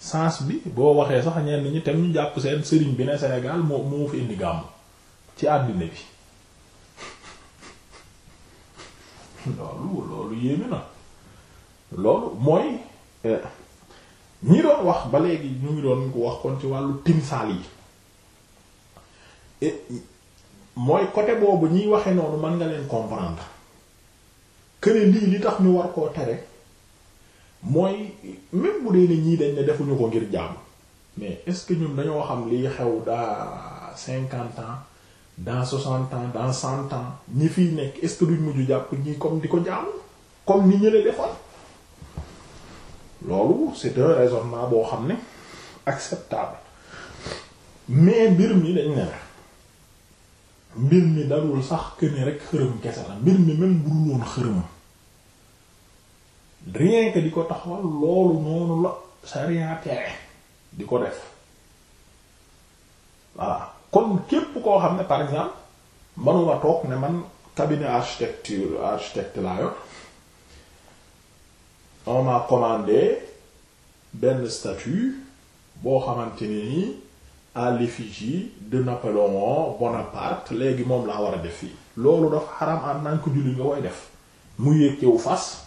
sens bi boo waxee sax ñenn ñi tam ñu jàpp seen sëriñ bi ne Sénégal moo moo fi indi gàmm ci àddina bi loolu loolu yéeme na loolu mooy eh, ñi doon wax ba léegi ñu ngi doon ko wax kon ci wàllu timsaal yi mooy côté boobu ñiy waxe noonu man nga leen comprendre que ne lii li tax ñu war koo tere mooy même bu dee ne ñii dañ ne defuñu ko ngir jàmm mais est-ce que ñun dañoo xam liy xew daa cinquante ans dans soixante ans dans cent ans ñi fiy nekk est-ce que duñ mujju jàpp ñi comme di ko jàmm comme ni ñële defoon loolu c'est un raisonnement boo xam ne acceptable mais mbir mi dañ ne mbir mi dalul sax que ni xërëm kese la mbir mi même bu dul xërëm rien di ko taxawal loolu noonu la sariya tere di ko def voilà kon képp koo xam ne par exemple manuma toog ne man cabinet architecture architecte laa yor on m'a commandé benn statue boo xamante ne nii à l'effigie de Napoléon Bonaparte léegi moom laa war a def fii loolu dafa xaram am nañ julli nga koy def mu yéeg fas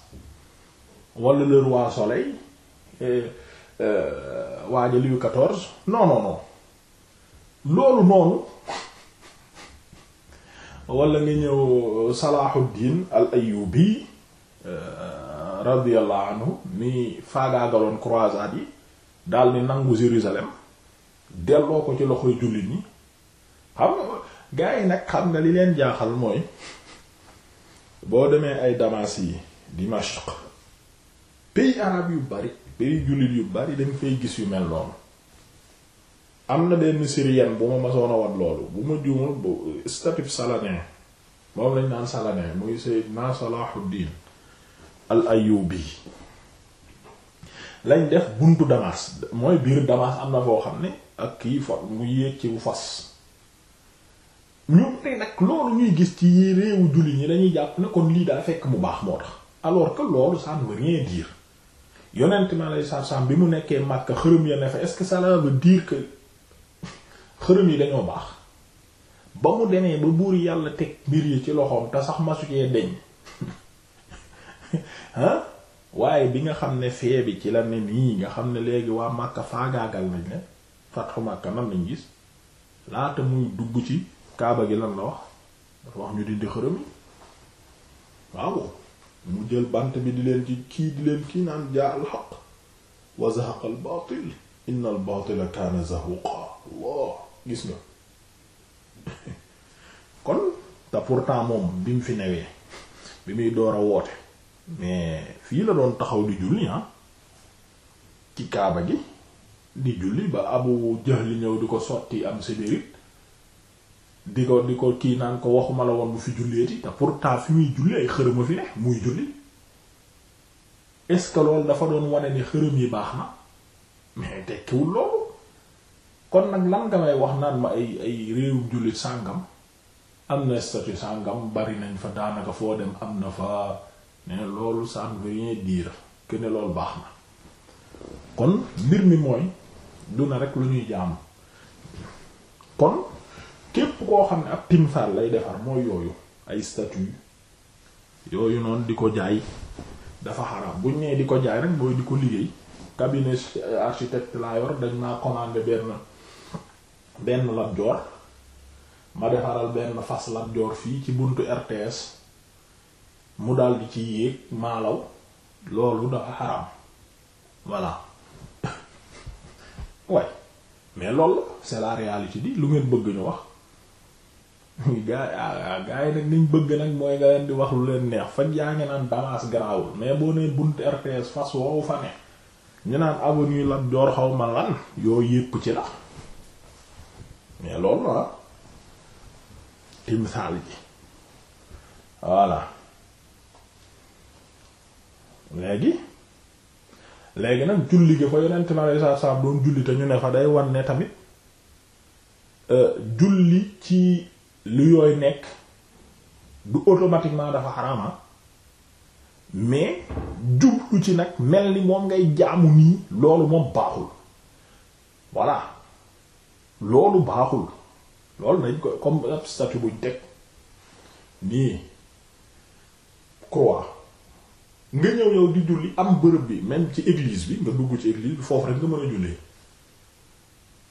wala le roi soleil euh, waaja Louis quatorze non non non loolu noonu wala nga ñëw Salahuddin al Ayyubi euh, radiyallahu anhu ni faagaagaloon croisade yi daal ni nangu Jérusalem delloo ko ci loxo jullit ñi xam nga gaa yi nag xam nga li leen jaaxal mooy boo demee ay Damas yi Dimashq pays arabe yu bari pays jullit yu bari dañ fay gis yu mel noonu am na benn Syrien bu ma masoon a wat loolu bu ma juumul bu statut Saladin moom lañ naan Saladin muy Sayyidna Salahuddin al ayubi lañ def buntu Damas mooy biir Damas am na foo xam ne ak kii fa mu yéeg ci bu fas ñun ne nag loolu ñuy gis ci réewu julli ñi dañuy jàpp ne lii daa fekk mu baax moo tax alors que loolu ça ne veut yonent ma lay sarsam bi mu nekkee Makka xërëm ya ne fa est-ce que ça veut dire que xërëm yi dañoo baax ba mu demee ba buur yàlla teg mbir yi ci loxoom te sax masu deñ ah waaye bi nga xam ne fee bi ci la ne nii nga xam ne léegi waa Makka faagaagal nañ ne fatxu Makka nan lañ gis laata muy dugg ci kaaba gi lan la wax dafa wax ñu dindi xërëm yi waaw mu jël bant bi di leen kii di leen kii naan jaar al xaq wa zahaqa al baatil inna kaana zahuqa Allah gis nga kon te pourtant moom bi mu fi newee bi muy door a woote mais fii la doon taxaw di julli ah ci kaaba gi di julli ba Abu Jahl ñëw di ko sotti am sédérit di ko di ko kii naan ko waxuma la woon bu fi julleeti te pourtant fi muy julli ay xërëm fi ne muy julli est-ce que dafa doon wane ni xërëm yi baax na mais tekkiwul loolu kon nag lan nga may wax naan ma ay ay réewum jullit sàngam am na statut sàngam bari nañ fa daanaka foo dem am na fa ne loolu ça ne veut rien dire baax na kon mbir mi mooy du na rek lu ñuy jàmm kon képp koo xam ne ab timsaal lay defar mooy yooyu ay statue yooyu noonu di ko jaay dafa xaraam buñ nee di ko jaay rek mooy di ko liggéey cabinet architecte laa yor dañ maa benn benn Lat Dior ma defaral benn fas Lat fii ci buntu RTS mu daldi ci yéeg maalaw loolu dafa xaraam voilà waaye mais loolu c'est la di lu ngeen bëgg ñu wax gaa yi ah, gaa yi nag niñ bëgg nag mooy nga leen di wax lu leen neex faj yaa ngi naan Damas garaawul mais boo nee bunt RTS fas woowu fa ne ñu naan avenue Lat Dior xaw ma lan yoo yépp ci la mais loolu la timsaal ji voilà léegi léegi nag julli gi fa yonent ma lay saa saa doon julli te ñu ne fa day wan ne tamit euh, julli ci lu yooy nekk du automatiquement dafa xarama ah. mais jublu ci nag mel ni moom ngay jaamu nii loolu moom baaxul voilà loolu baaxul loolu nañ ko comme ab statut buñ teg nii croix nga ñëw yow di julli am bërëb bi même ci église bi nga dugg ci église bi foofu rek nga mën a jullee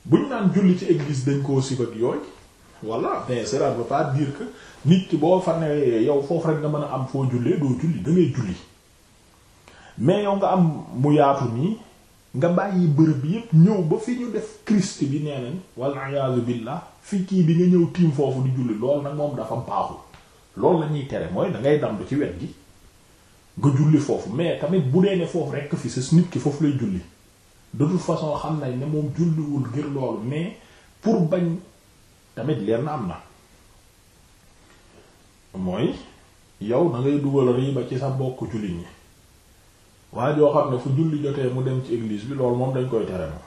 buñ naan julli ci église dañ koo sib ak yooy voilà mais cela ne veut pas nit boo fa ne yow foofu rek nga mën a am foo jullee doo julli da julli mais yow nga am mu yaatu nii nga bàyyi bërëb bi yëpp ñëw ba fi ñu def Christ bi nee nañ walla iyaazu billah fi kii bi nga ñëw tiim foofu di julli loolu nag moom dafa baaxul lool la ñuy tere mooy ci wet gi. nga julli foofu mais tamit bu dee ne foofu rekk fi sës nit ki foofu lay julli de toute façon xam nañ ne moom julliwul ngir loolu mais pour bañ tamit lenn am na mooy yow da ngay dugal riba ci sa bokk jullit ñi waaye joo xam ne fu julli jotee mu dem ci église bi loolu moom dañ koy tere moom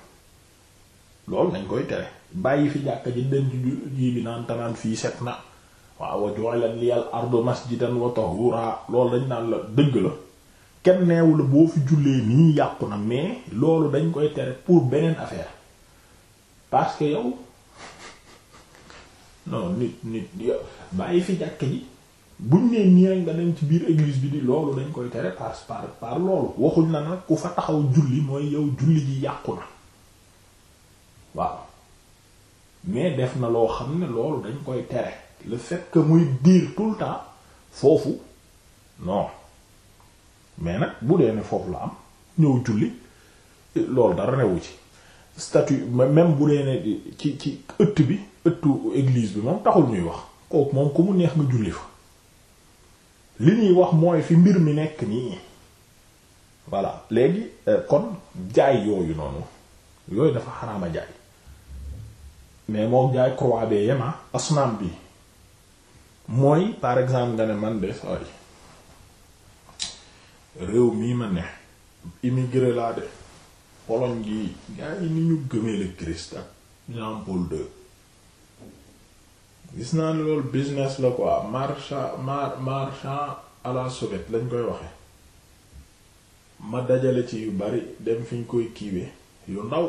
loolu dañ koy tere bàyyi fi jàkka ji dem ci ji bi naan tanaan fii set na waaw wa ju'ilat liyal ardu masjidan wa tahura loolu dañ naan la dëgg la kenn neewu la boo fi jullee nii yàqu na mais loolu dañ koy tere pour beneen affaire parce que yow non nit nit fi jàkk buñ nee nii rek nga ci biir église bi di loolu dañ koy tere par par par loolu waxuñ na nag ku fa taxaw julli mooy yow julli ji yàqu na waaw mais def na loo xam ne loolu dañ koy tere le fait muy diir tout le temps foofu non mais nag bu dee ne foofu la am ñëw julli loolu dara newu ci statut même bu dee ne ci ci ëtt bi ëttu église bi moom taxul ñuy wax kooku moom ku mu neex nga julli fa li ñuy wax mooy fi mbir mi nekk nii voilà léegi euh, kon jaay yooyu noonu yooyu dafa xaraama jaay mais moo jaay croix bee yema ah, asnaam bi mooy par exemple nga ne man de sooy réew mii ma ne immigré laa de Pologne gi gaa yi ni ñu gëmee le Christ ak Jean Paul II gis naa ne loolu business la quoi marchand mar marchand à la soviet lañ koy waxe ma dajale ci yu bari dem fiñ koy kiiwee yu ndaw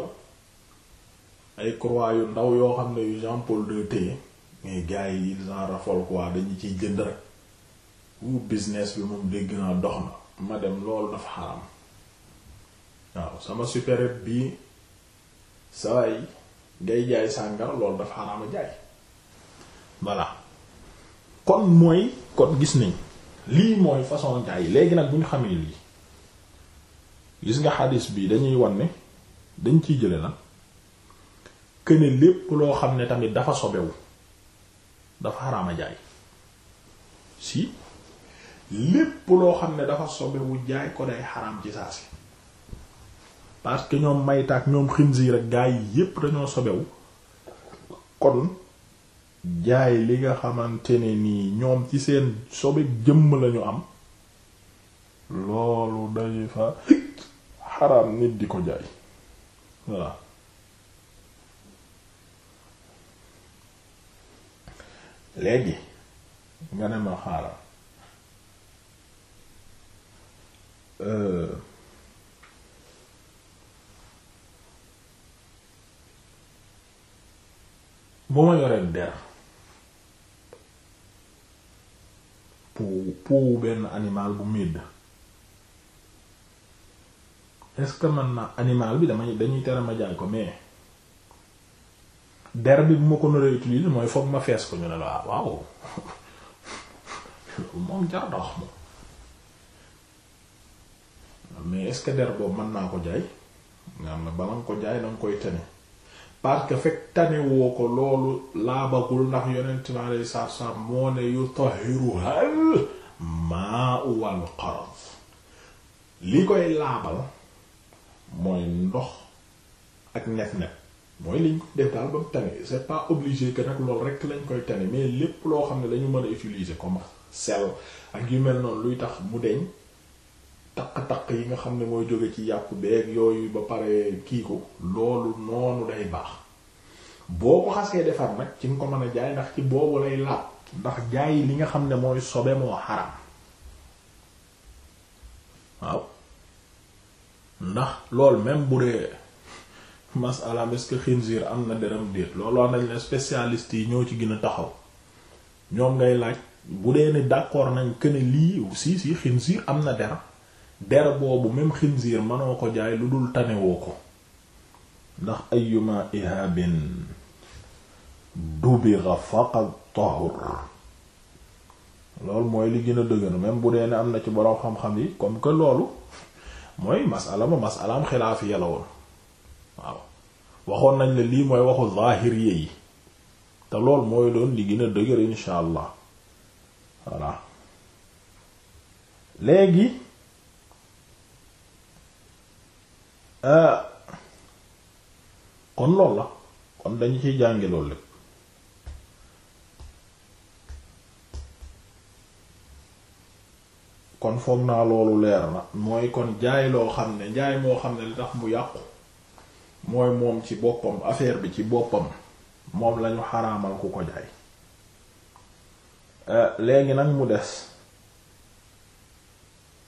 ay croix yu ndaw yoo xam ne yu Jean Paul II téye mais gars yi ils en raffolent quoi dañu ciy jënd rek wu business bi moom dégg naa dox na ma dem lool dafa xaram waaw sama supérette bi saway ngay jaay sàngara lool dafa a jaay voilà kon mooy kon gis nañ lii mooy façon jaay léegi nag bu ñu xamee lii gis nga xadis bi dañuy wan ne dañ ciy jële na këne lépp loo xam ne tamit dafa sobewu dafa xaraama jaay si lépp loo xam ne dafa sobe wu jaay ko day xaraam ci saa si parce que ñoom maytaak ñoom xinziir ak gaa yi yépp dañoo sobewu kon jaay li nga xamante ne nii ñoom ci seen sobe jëmm lañu am loolu day fa xaraam nit di ko jaay voilà léegi nga ne ma xaaral euh, bu ma yoreen der pou pou benn animal bu midd est-ce que man naa animal bi dama dañuy tere ma jaay ko mais der bi bu ma ko naree utiliser mooy foog ma fees ko ñu ne la ah, waaw moom jar dox mais est-ce que der boobu mën naa ko jaay nga am na bala ko jaay danga koy tane parce que fekk tane woo ko loolu laabagul ndax yonent mi alayhi salaatu salaam moo ne yu tahiruhal maa'u wal qarad li koy laabal mooy ndox ak nef-nef mooy liñ ko def daal ba mu tane c'est pas obligé que nag loolu rek lañ koy tane mais lépp loo xam ne dañu mën a utiliser comme sel ak yu mel noonu luy tax mu deñ taq-taq yi nga xam ne mooy jóge ci yàpp beeg yooyu ba pare kii ko loolu noonu day baax boo ko xasee defar nag ci nga ko mën a jaay ndax ci boobu lay laab ndax jaay li nga xam ne mooy sobe moo xaram waaw ndax loolu même bu dee masalaam est-ce que xinziir am na deram déet loolu wax nañ ne spécialiste yi ñoo ci gën a taxaw ñoom ngay laaj bu dee ne d'accord nañ que ne lii si si xinziir am na der der boobu même xinziir mënoo ko jaay lu dul tanewoo ko ndax ayuma ihabin dubira faqad tahur loolu mooy li gën a dëgër même bu dee ne am na ci boroom xam-xam yi comme que loolu mooy masala ma masalaam xilaaf yàlla waaw waxoon nañ la lii mooy waxu zaahiriye yi te lool mooy doon li gën a dëgër insha allah voilà léegi euh, kon lool la kon dañu ciy jànge loolu lépp kon foog naa loolu leer na mooy kon jaay loo xam ne njaay moo xam ne li tax mu yàqu mooy moom ci boppam affaire bi ci boppam moom lañu xaraamal ku ko jaay euh, léegi nag mu des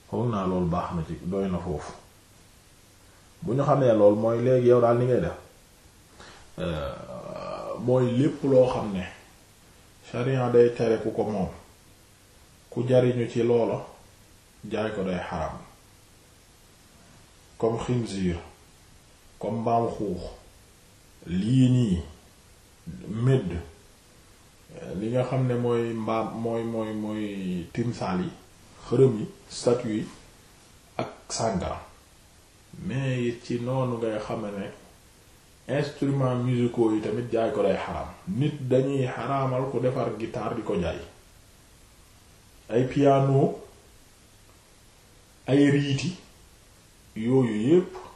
foog naa lool baax na ci doy na foofu bu ñu xamee lool mooy léegi yow daal ni ngay def euh, mooy lépp loo xam ne sharia day tere ku ko moom ku jariñu ci loolo jaay ko day xaraam comme xinziir comme mbaam xuux lii nii médd li nga xam ne mooy mbaam mooy mooy mooy timsaal yi xërëm yi statue yi ak sàngara mais ci noonu ngay xam ne instruments musicaux yi tamit jaay ko day xaraam nit dañuy xaraamal ku defar guitare di ko jaay ay piano ay riiti yooyu yépp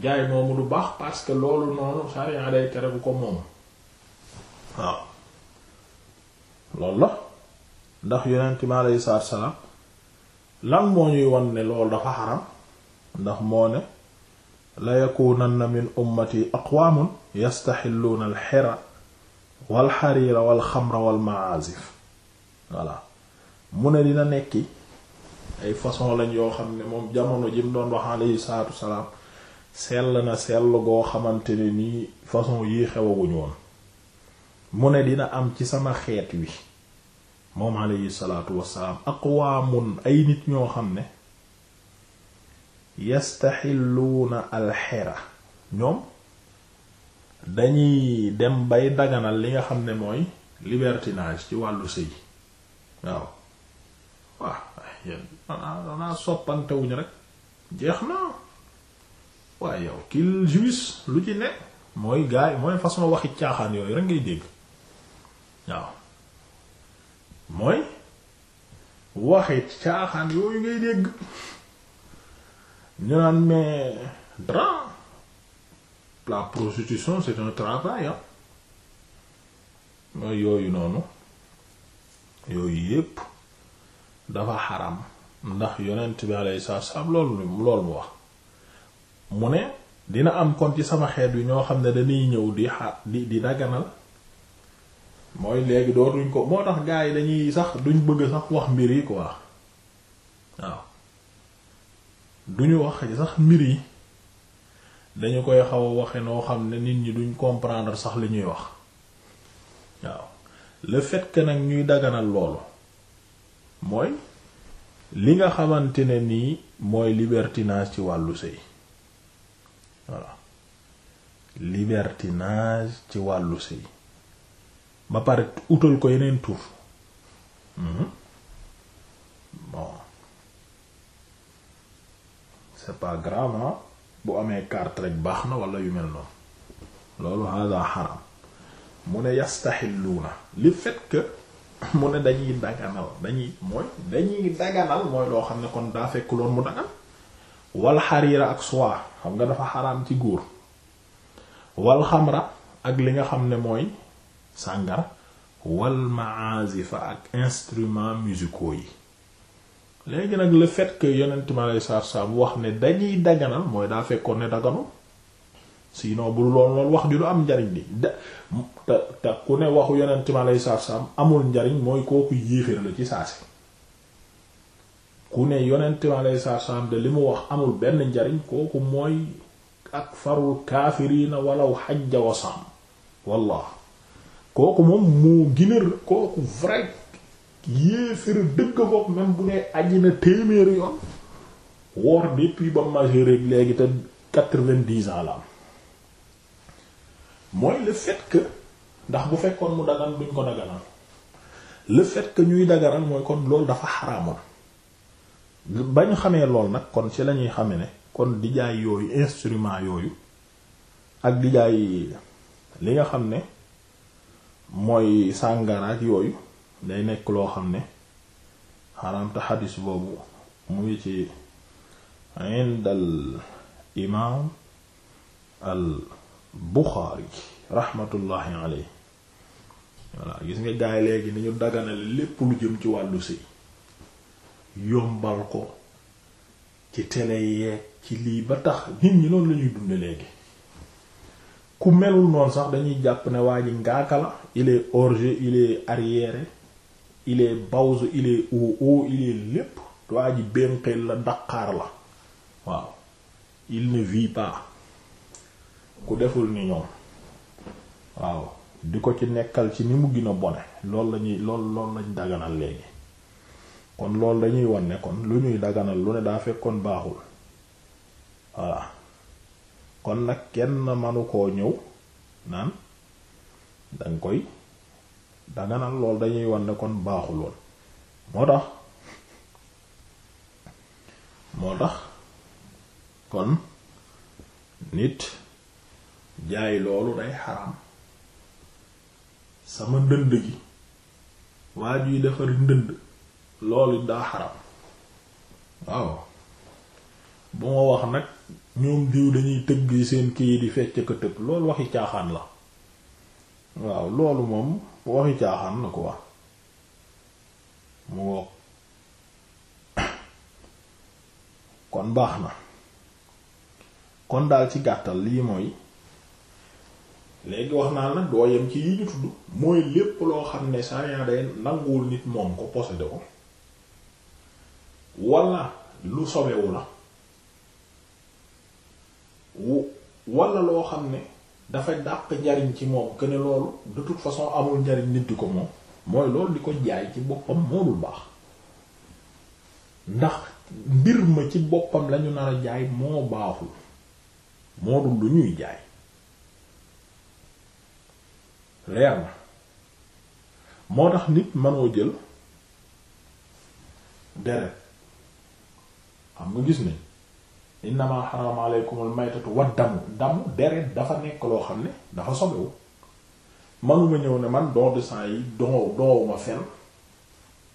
jaay moomu du baax parce que loolu noonu sariya day tere bu ko moom waaw loolu la ndax yonent mi alayhi salaatu salaam lan moo ñuy wan ne loolu dafa xaram ndax moo ne la yakunanna min ummati aqwaamun yastaxilluuna alxira walxariira walxamra walmaazif voilà mu ne yoo xam ne moom jamono ji salaam sell na sell goo xamante ne nii façon yii xewaguñu woon mu ne dina am ci sama xeet wi moom alayhi salaatu wassalaam aqwaamun ay nit ñoo xam ne yastaxilluuna alxera ñoom dañuy dem bay daganal li nga xam ne mooy libertinage ci wàllu sëy waaw waaw yéen danaa danaa soppantewuñ rek jeex na waaye yow qu'il jouisse lu ci ne mooy gaay mooy façon waxi caaxaan yooyu rek ngay dégg waaw mooy waxi caaxaan yooyu ngay dégg ñu naan mais dara la prostitution c'est un travail yooyu noonu yooyu yépp dafa xaram ndax yonent bi alayhi salaam loolu loolu mu wax mu ne dina am kon ci sama xeet bi ñoo xam ne dañuy ñëw di xa di di mooy léegi dootuñ ko moo tax gars yi dañuy sax duñ bëgg sax wax mbir yi quoi waaw duñu wax sax mbir yi dañu koy xaw a waxe noo xam ne nit ñi duñ comprendre sax li ñuy wax waaw le fait que nag ñuy daganal loolu mooy li nga xamante ne nii mooy libertinage ci wàllu sëy voilà libertinage ci wàllu sëy ba pare utal ko yeneen tur mhm. bon c'est pas grave bu amee carte rek baax na wala yu mel noonu loolu hada xaram mu ne yastaxilluuna li fait que mu ne dañuy daganal dañuy mooy dañuy daganal mooy loo xam ne kon daa fekk loon mu dagan wal xariira ak soie xam nga dafa xaraam ci góor wal xamra ak li nga xam ne mooy sàngara wal maazifa ak instruments musicaux yi léegi nag la fekk que yonent ma lay saar saam wax ne dañuy daganal mooy daa fekkoon ne daganu sinon bu lool lool wax ju du am njariñ bi da te ku ne waxu yonent ma lay saar amul njariñ mooy kooku yéeféer la ci saasi ku ne yonent mi alayhi salaatu salaam de li mu wax amul benn njariñ kooku mooy ak farul kaafiriina walaw xajja wasam wallah kooku moom moo gën a kooku vrai yéefér dëgg bopp même bu ne aji na téeméeri yoon woor depuis ba majeur rek te quatre-vingt-dix ans mooy le fait ndax bu fekkoon mu dagan buñ ko daganal le fait ñuy daganal mooy kon loolu dafa xaraamoon bañ xamee lool nag kon ci lañuy xame ne kon di jaay yooyu instrument yooyu ak di jaay li nga xam ne mooy sàngaraak yooyu day nekk loo xam ne xaram te boobu mu ngi ci indal imaam al Buxaari raxmatullaahi alayhi voilà gis nga gaay léegi ni ñu daganale lépp lu jëm ci wàllu si yombal ko ci télé yeeg ci lii ba tax nit ñi loolu lañuy dunde léegi ku melul noonu sax dañuy jàpp ne waa ji ngaaka la il est orgueilleux il est arriéré il est bawse il lépp waa ji benqeel la daqaar la waaw il ne vit pas ku deful ni ñoom waaw di ko ci nekkal ci ni mu gën a bone loolu lañuy lool loolu lañ daganal léegi kon loolu dañuy won nekkoon lu ñuy daganal lu ne daa fekkoon kon baaxul voilà kon nag kenn manu koo ñëw naan danga koy daganal lool dañuy won nekkoon kon baaxul woon moo tax moo tax kon nit jaay loolu day xaram sama ndënd gi waa juy defar ndënd loolu daa xaram waaw bu ma wax nag ñoom diw dañuy tëgg seen kii di fecc ko tëgg loolu waxi caaxaan la waaw loolu moom waxi caaxaan na ko wax mu ngoog kon baax na kon daal ci gàttal lii mooy léegi wax naa nag doo yem ci yi ñu tudd mooy lépp loo xam ne saa day nanguwul nit moom ko possédé ko wala lu sobewu la wala loo xam ne dafay dàq njariñ ci moom que ne loolu de toute façon amul njariñ nit di ko moom mooy loolu di ko jaay ci boppam moodul baax ndax mbir ma ci boppam lañu nar a jaay moo baaxul moodul lu ñuy jaay leer na moo tax nit mënoo jël deret xam nga gis nañ innama harama alaykumul maytatu wa damu deret dafa nekk loo xam ne dafa sobewu manuma ñëw ne man don de sang yi don doowuma fen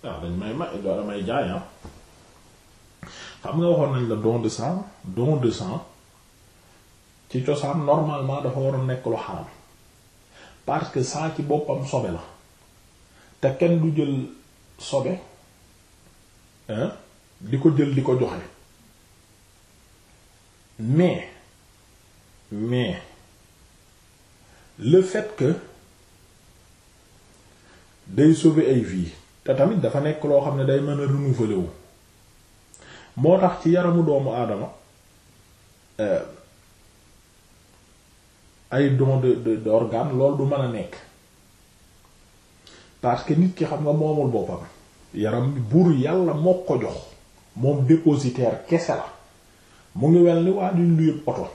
ah, may may damay jaay ah. nañ la don de sang don de ci cosaan normalement dafa war nekk lu xaram parce que sang ci boppam sobe la te kenn du jël sobe di ko jël di ko joxe mais mais le fait que day sauver ay vies te tamit dafa nekk loo xam ne day mën a renouveler wu moo tax ci yaramu doomu aadama euh, ay don de de d'organe loolu du mën a nekk parce que nit ki xam nga moomul boppam yaram bi buur yàlla moo ko jox moom dépositaire kese la mu ngi wel ni waa duñ lu yëpp oto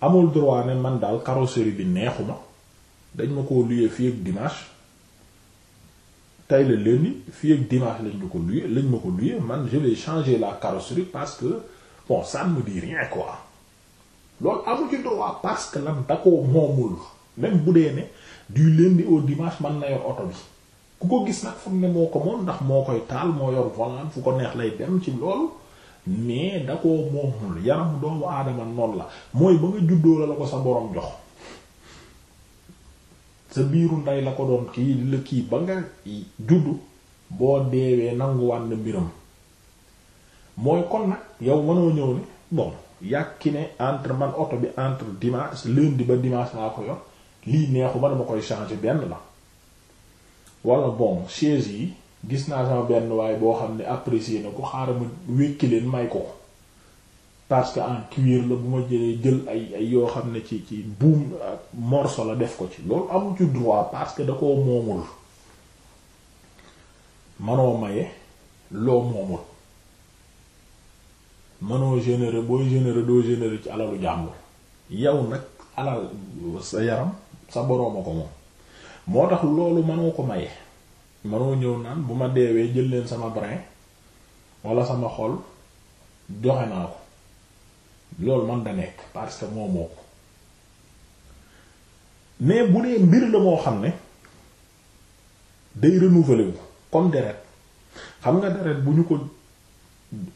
amul droit ne man daal carrosserie bi neexuma dañ ma ko luyee fii ak dimanche tey la lundi fii ak dimanche lañ ma ko luyee lañ ma ko luyee man je vais changer la carrosserie parce que bon ça ne me dit rien loolu amu ci droit parce que lan da koo moomul même bu dee ne du di au dimanche man na yor oto bi ku ko gis nag foog ne moo ko moom ndax moo koy taal moo yor volant fu ko neex lay dem ci loolu mais da koo moomul yaramu doomu aadama noonu la mooy ba nga juddoo la la ko sa borom jox sa biiru ndey la ko doon kii la ba nga juddu boo deewee nanguwaat na mbiram mooy kon nag yow mënoo ñëw ne bon yàkki ne entre man oto bi entre dimanche lundi ba dimanche laa ko yor lii neexu ma dama koy changer benn la wala bon chaise yi gis naa sama benn waay boo xam ne apprécier na ko xaaral ma wékki leen may ko parce que en cuir la bu ma jëlee jël ay ay yoo xam ne ci ci buum morceau la def ko ci loolu am ci droit parce que da koo moomul manoo maye loo moomul manoo généré booy généré doo généré ci alalu jàmbur yow nag alal sa yaram sa borooma ko moom moo tax loolu mënoo ko maye mënoo ñëw naan bu ma deewee jël leen sama brin wala sama xol joxe naa ko loolu man da nekk parce que moo moo ko mais bu dee mbir la moo xam ne day renouveler wu comme deret xam nga deret bu ñu ko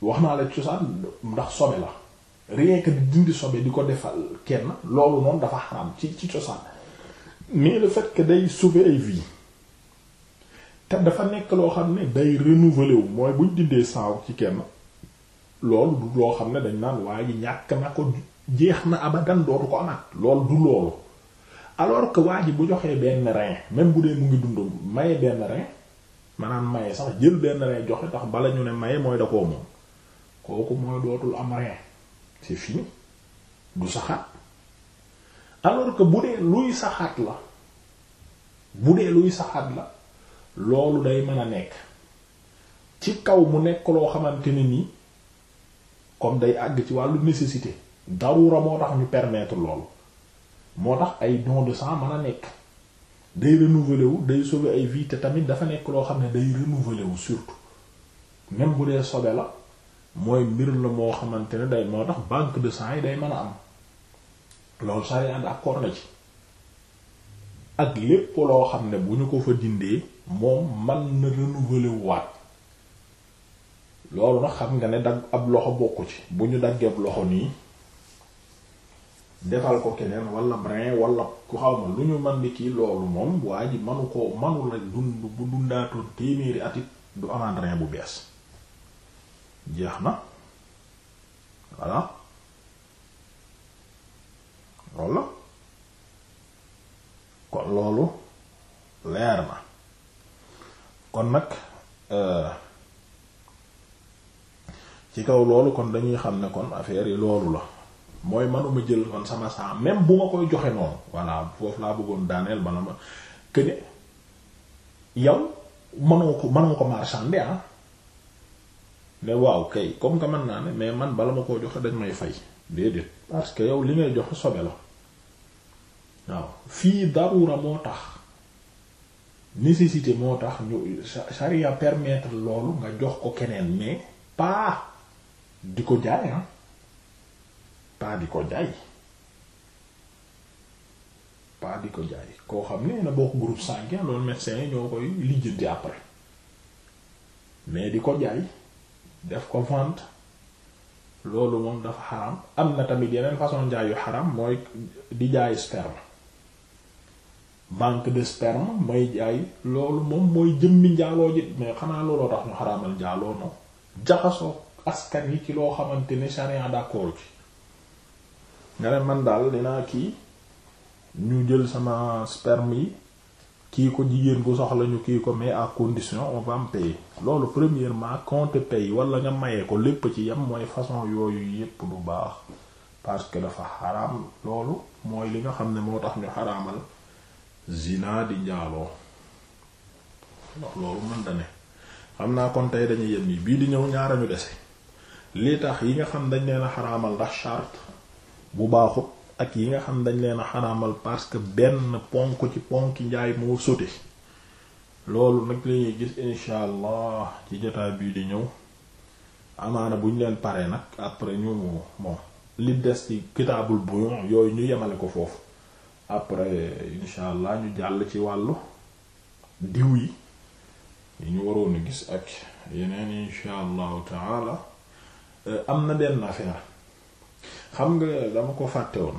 wax naa la cosaan ndax sobe la rien que di dindi sobe di ko defal kenn loolu noonu dafa xaram ci ci cosaan mais le fait day sauver ay vie te dafa nekk loo xam ne day renouveler wu mooy buñ dindee saaw ci kenn loolu du loo xam ne dañ naan waaye ñàkk na ko jeex na abadan dootu ko amaat loolu du loolu alors que waa bu joxee benn rein même bu dee mu ngi dund maye benn rein maanaam maye sax jël benn rein joxe tax bala ñu ne maye mooy da koo moom kooku mooy dootul am rein c'est fini du saxaat alors que bu dee luy saxaat la bu dee luy saxaat la loolu day mën a nekk ci kaw mu nekk loo xamante ne nii comme day àgg ci wàllu nécessité darura moo tax ñu permettre loolu moo tax ay don de sang mën a nekk day renouveler wu day sauver ay vie tamit dafa nekk loo xam ne day renouveler wu surtout même bu dee sobe la mooy mbir la moo xamante ne day moo tax banque de sang yi day mën a am loolu sariya ak na ci ak lépp loo xam ne bu ñu ko fa dindee moom man na renouveler waat loolu nag xam nga ne dagg ab loxo bokku ci bu ñu daggee ab loxo nii defal ko keneen wala brin wala ku xaw ma lu ñu man di kii loolu moom waa ji manu ko manu dund bu dundaatoon téeméeri atit du amaat brin bu bees jeex na voilà loolu la kon loolu leer na kon nag euh, ci kaw loolu kon dañuy xam ne kon affaire yi loolu la mooy manuma jël man sama saa même bu ma koy joxe noonu voilà foofu laa bëggoon daaneel bana ma këne yow manoo ko manoo ko marchander ah mais waaw kay comme que mën naa ne mais man bala ma koo joxe dañ may fay déedéet parce que yow li ngay joxe sobe la waaw fii darura moo tax nécessité moo tax ñu charia permettre loolu nga jox ko keneen mais paa di ko jaay ah di ko jaay pas di ko jaay koo xam ne na bokk groupe sanguin loolu médecin yi ñoo koy mais di ko jaay def ko vente loolu moom dafa xaram am na tamit yeneen façon jaay xaram mooy di jaay sperme banque de sperme may jaay loolu moom mooy jëmmi njaaloo ji mais xanaa looloo tax ñu xaraamal njaaloo noonu jaxasoo askan yi ci loo xamante ne charia d'accord ci nga ne man daal dinaa kii ñu jël sama sperme yi kii ko jigéen bu soxla ñu kii ko mais à condition on va loolu premièrement compte paye wala nga mayee ko lépp ci yam mooy façon yooyu yëpp du baax parce que dafa xaraam loolu mooy li nga xam ne moo tax ñu xaraamal zina di njaaloo loolu mën da xam naa kon tey dañuy yem yi bii di ñëw ñaara ñu dese li tax yi nga xam dañ leen a xaraamal ndax charte bu baaxut ak yi nga xam dañ leen a xaraamal parce que benn ponk ci ponk njaay mu sote loolu nag lañuy gis incha ci jotaay bii di ñëw amaana buñ leen pare nag après ñu bon li des ci kitaabul bouillon yooyu ñu yemale ko foofu après insha allah ñu jàll ci wàllu diw yi yi ñu waroon a gis ak yeneen insha allahu taala euh, am na benn affaire xam nga dama ko fàtte woon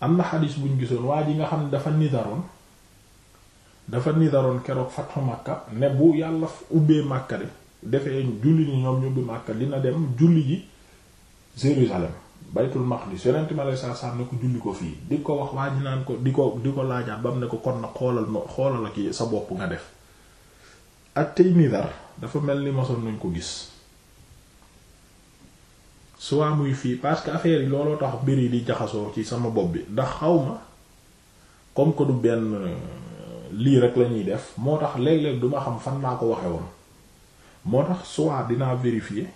am na xadis buñ gisoon waa ji nga xam ne dafa nidaroon dafa nidaroon keroog fa Makka ne bu yàlla ubbee Makka de defee julli ni ñoom ñu ubbi Makka dina dem julli ji Jérusalem baytul maqdis yonent mi aleyhi salaatu salaam ne ko julli ko fii di ko wax waa ji naan ko di ko di ko laajaat ba mu ne ko kon nag xoolal ma xoolal ak sa bopp nga def ak tey nidar dafa mel ni mosoon nañ ko gis soit muy fii parce que affaire yi looloo tax mbir yi di jaxasoo ci sama bopp bi ndax xawma comme que benn lii rek lañuy def moo tax léeg-léeg duma xam fan laa ko waxe woon moo tax soit dinaa vérifier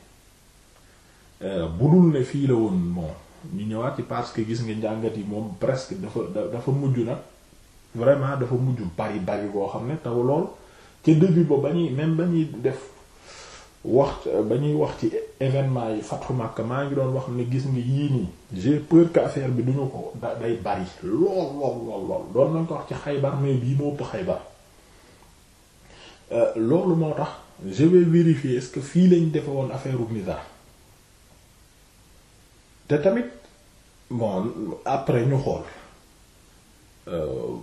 bu euh, budul ne fii la woon bon ñu ñëwaat ci parce que gis nga njàngat yi moom presque dafa dafa mujj nag vraiment dafa mujj bari bari boo xam ne taw lool ca début ba ba ñuy même ba ñuy def wax ba ñuy wax ci événement yi Fathu Makka maa ngi doon wax ne gis nga yii nii j'ai peur que affaire bi duñu ko da day bari lool lool lool doon nañ ko wax ci Xaybar mais bii moo ëpp Xaybar euh, loolu moo tax je vais vérifier est-ce que fii lañ defe woon affaire u Mizar te tamit bon après ñu xool euh,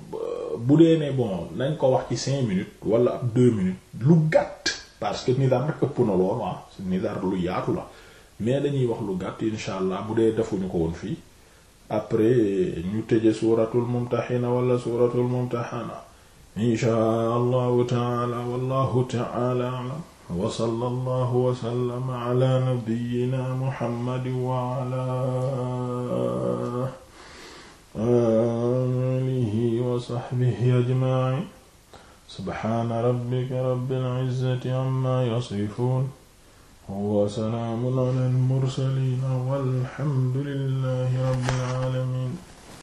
bu dee ne bon nañ ko wax ci cinq minutes wala ab deux minutes lu gàtt parce que nidar rek ëpp na lool waa ah. nidar lu yaatu la mais lañuy wax lu gàtt insha allah bu dee defuñu ko woon fii après ñu tëje suuratul mumtaxina wala suuratul mumtaxana insha allahu taala wallahu taala wa sallallahu wa sallam ala nabiyyina muhammadin wa ala alihi wa sahbihi ajma'in subhana rabbika rabbil izzati amma yasifun wa salaamun ala al mursalin walhamdulillahi rabbil alamin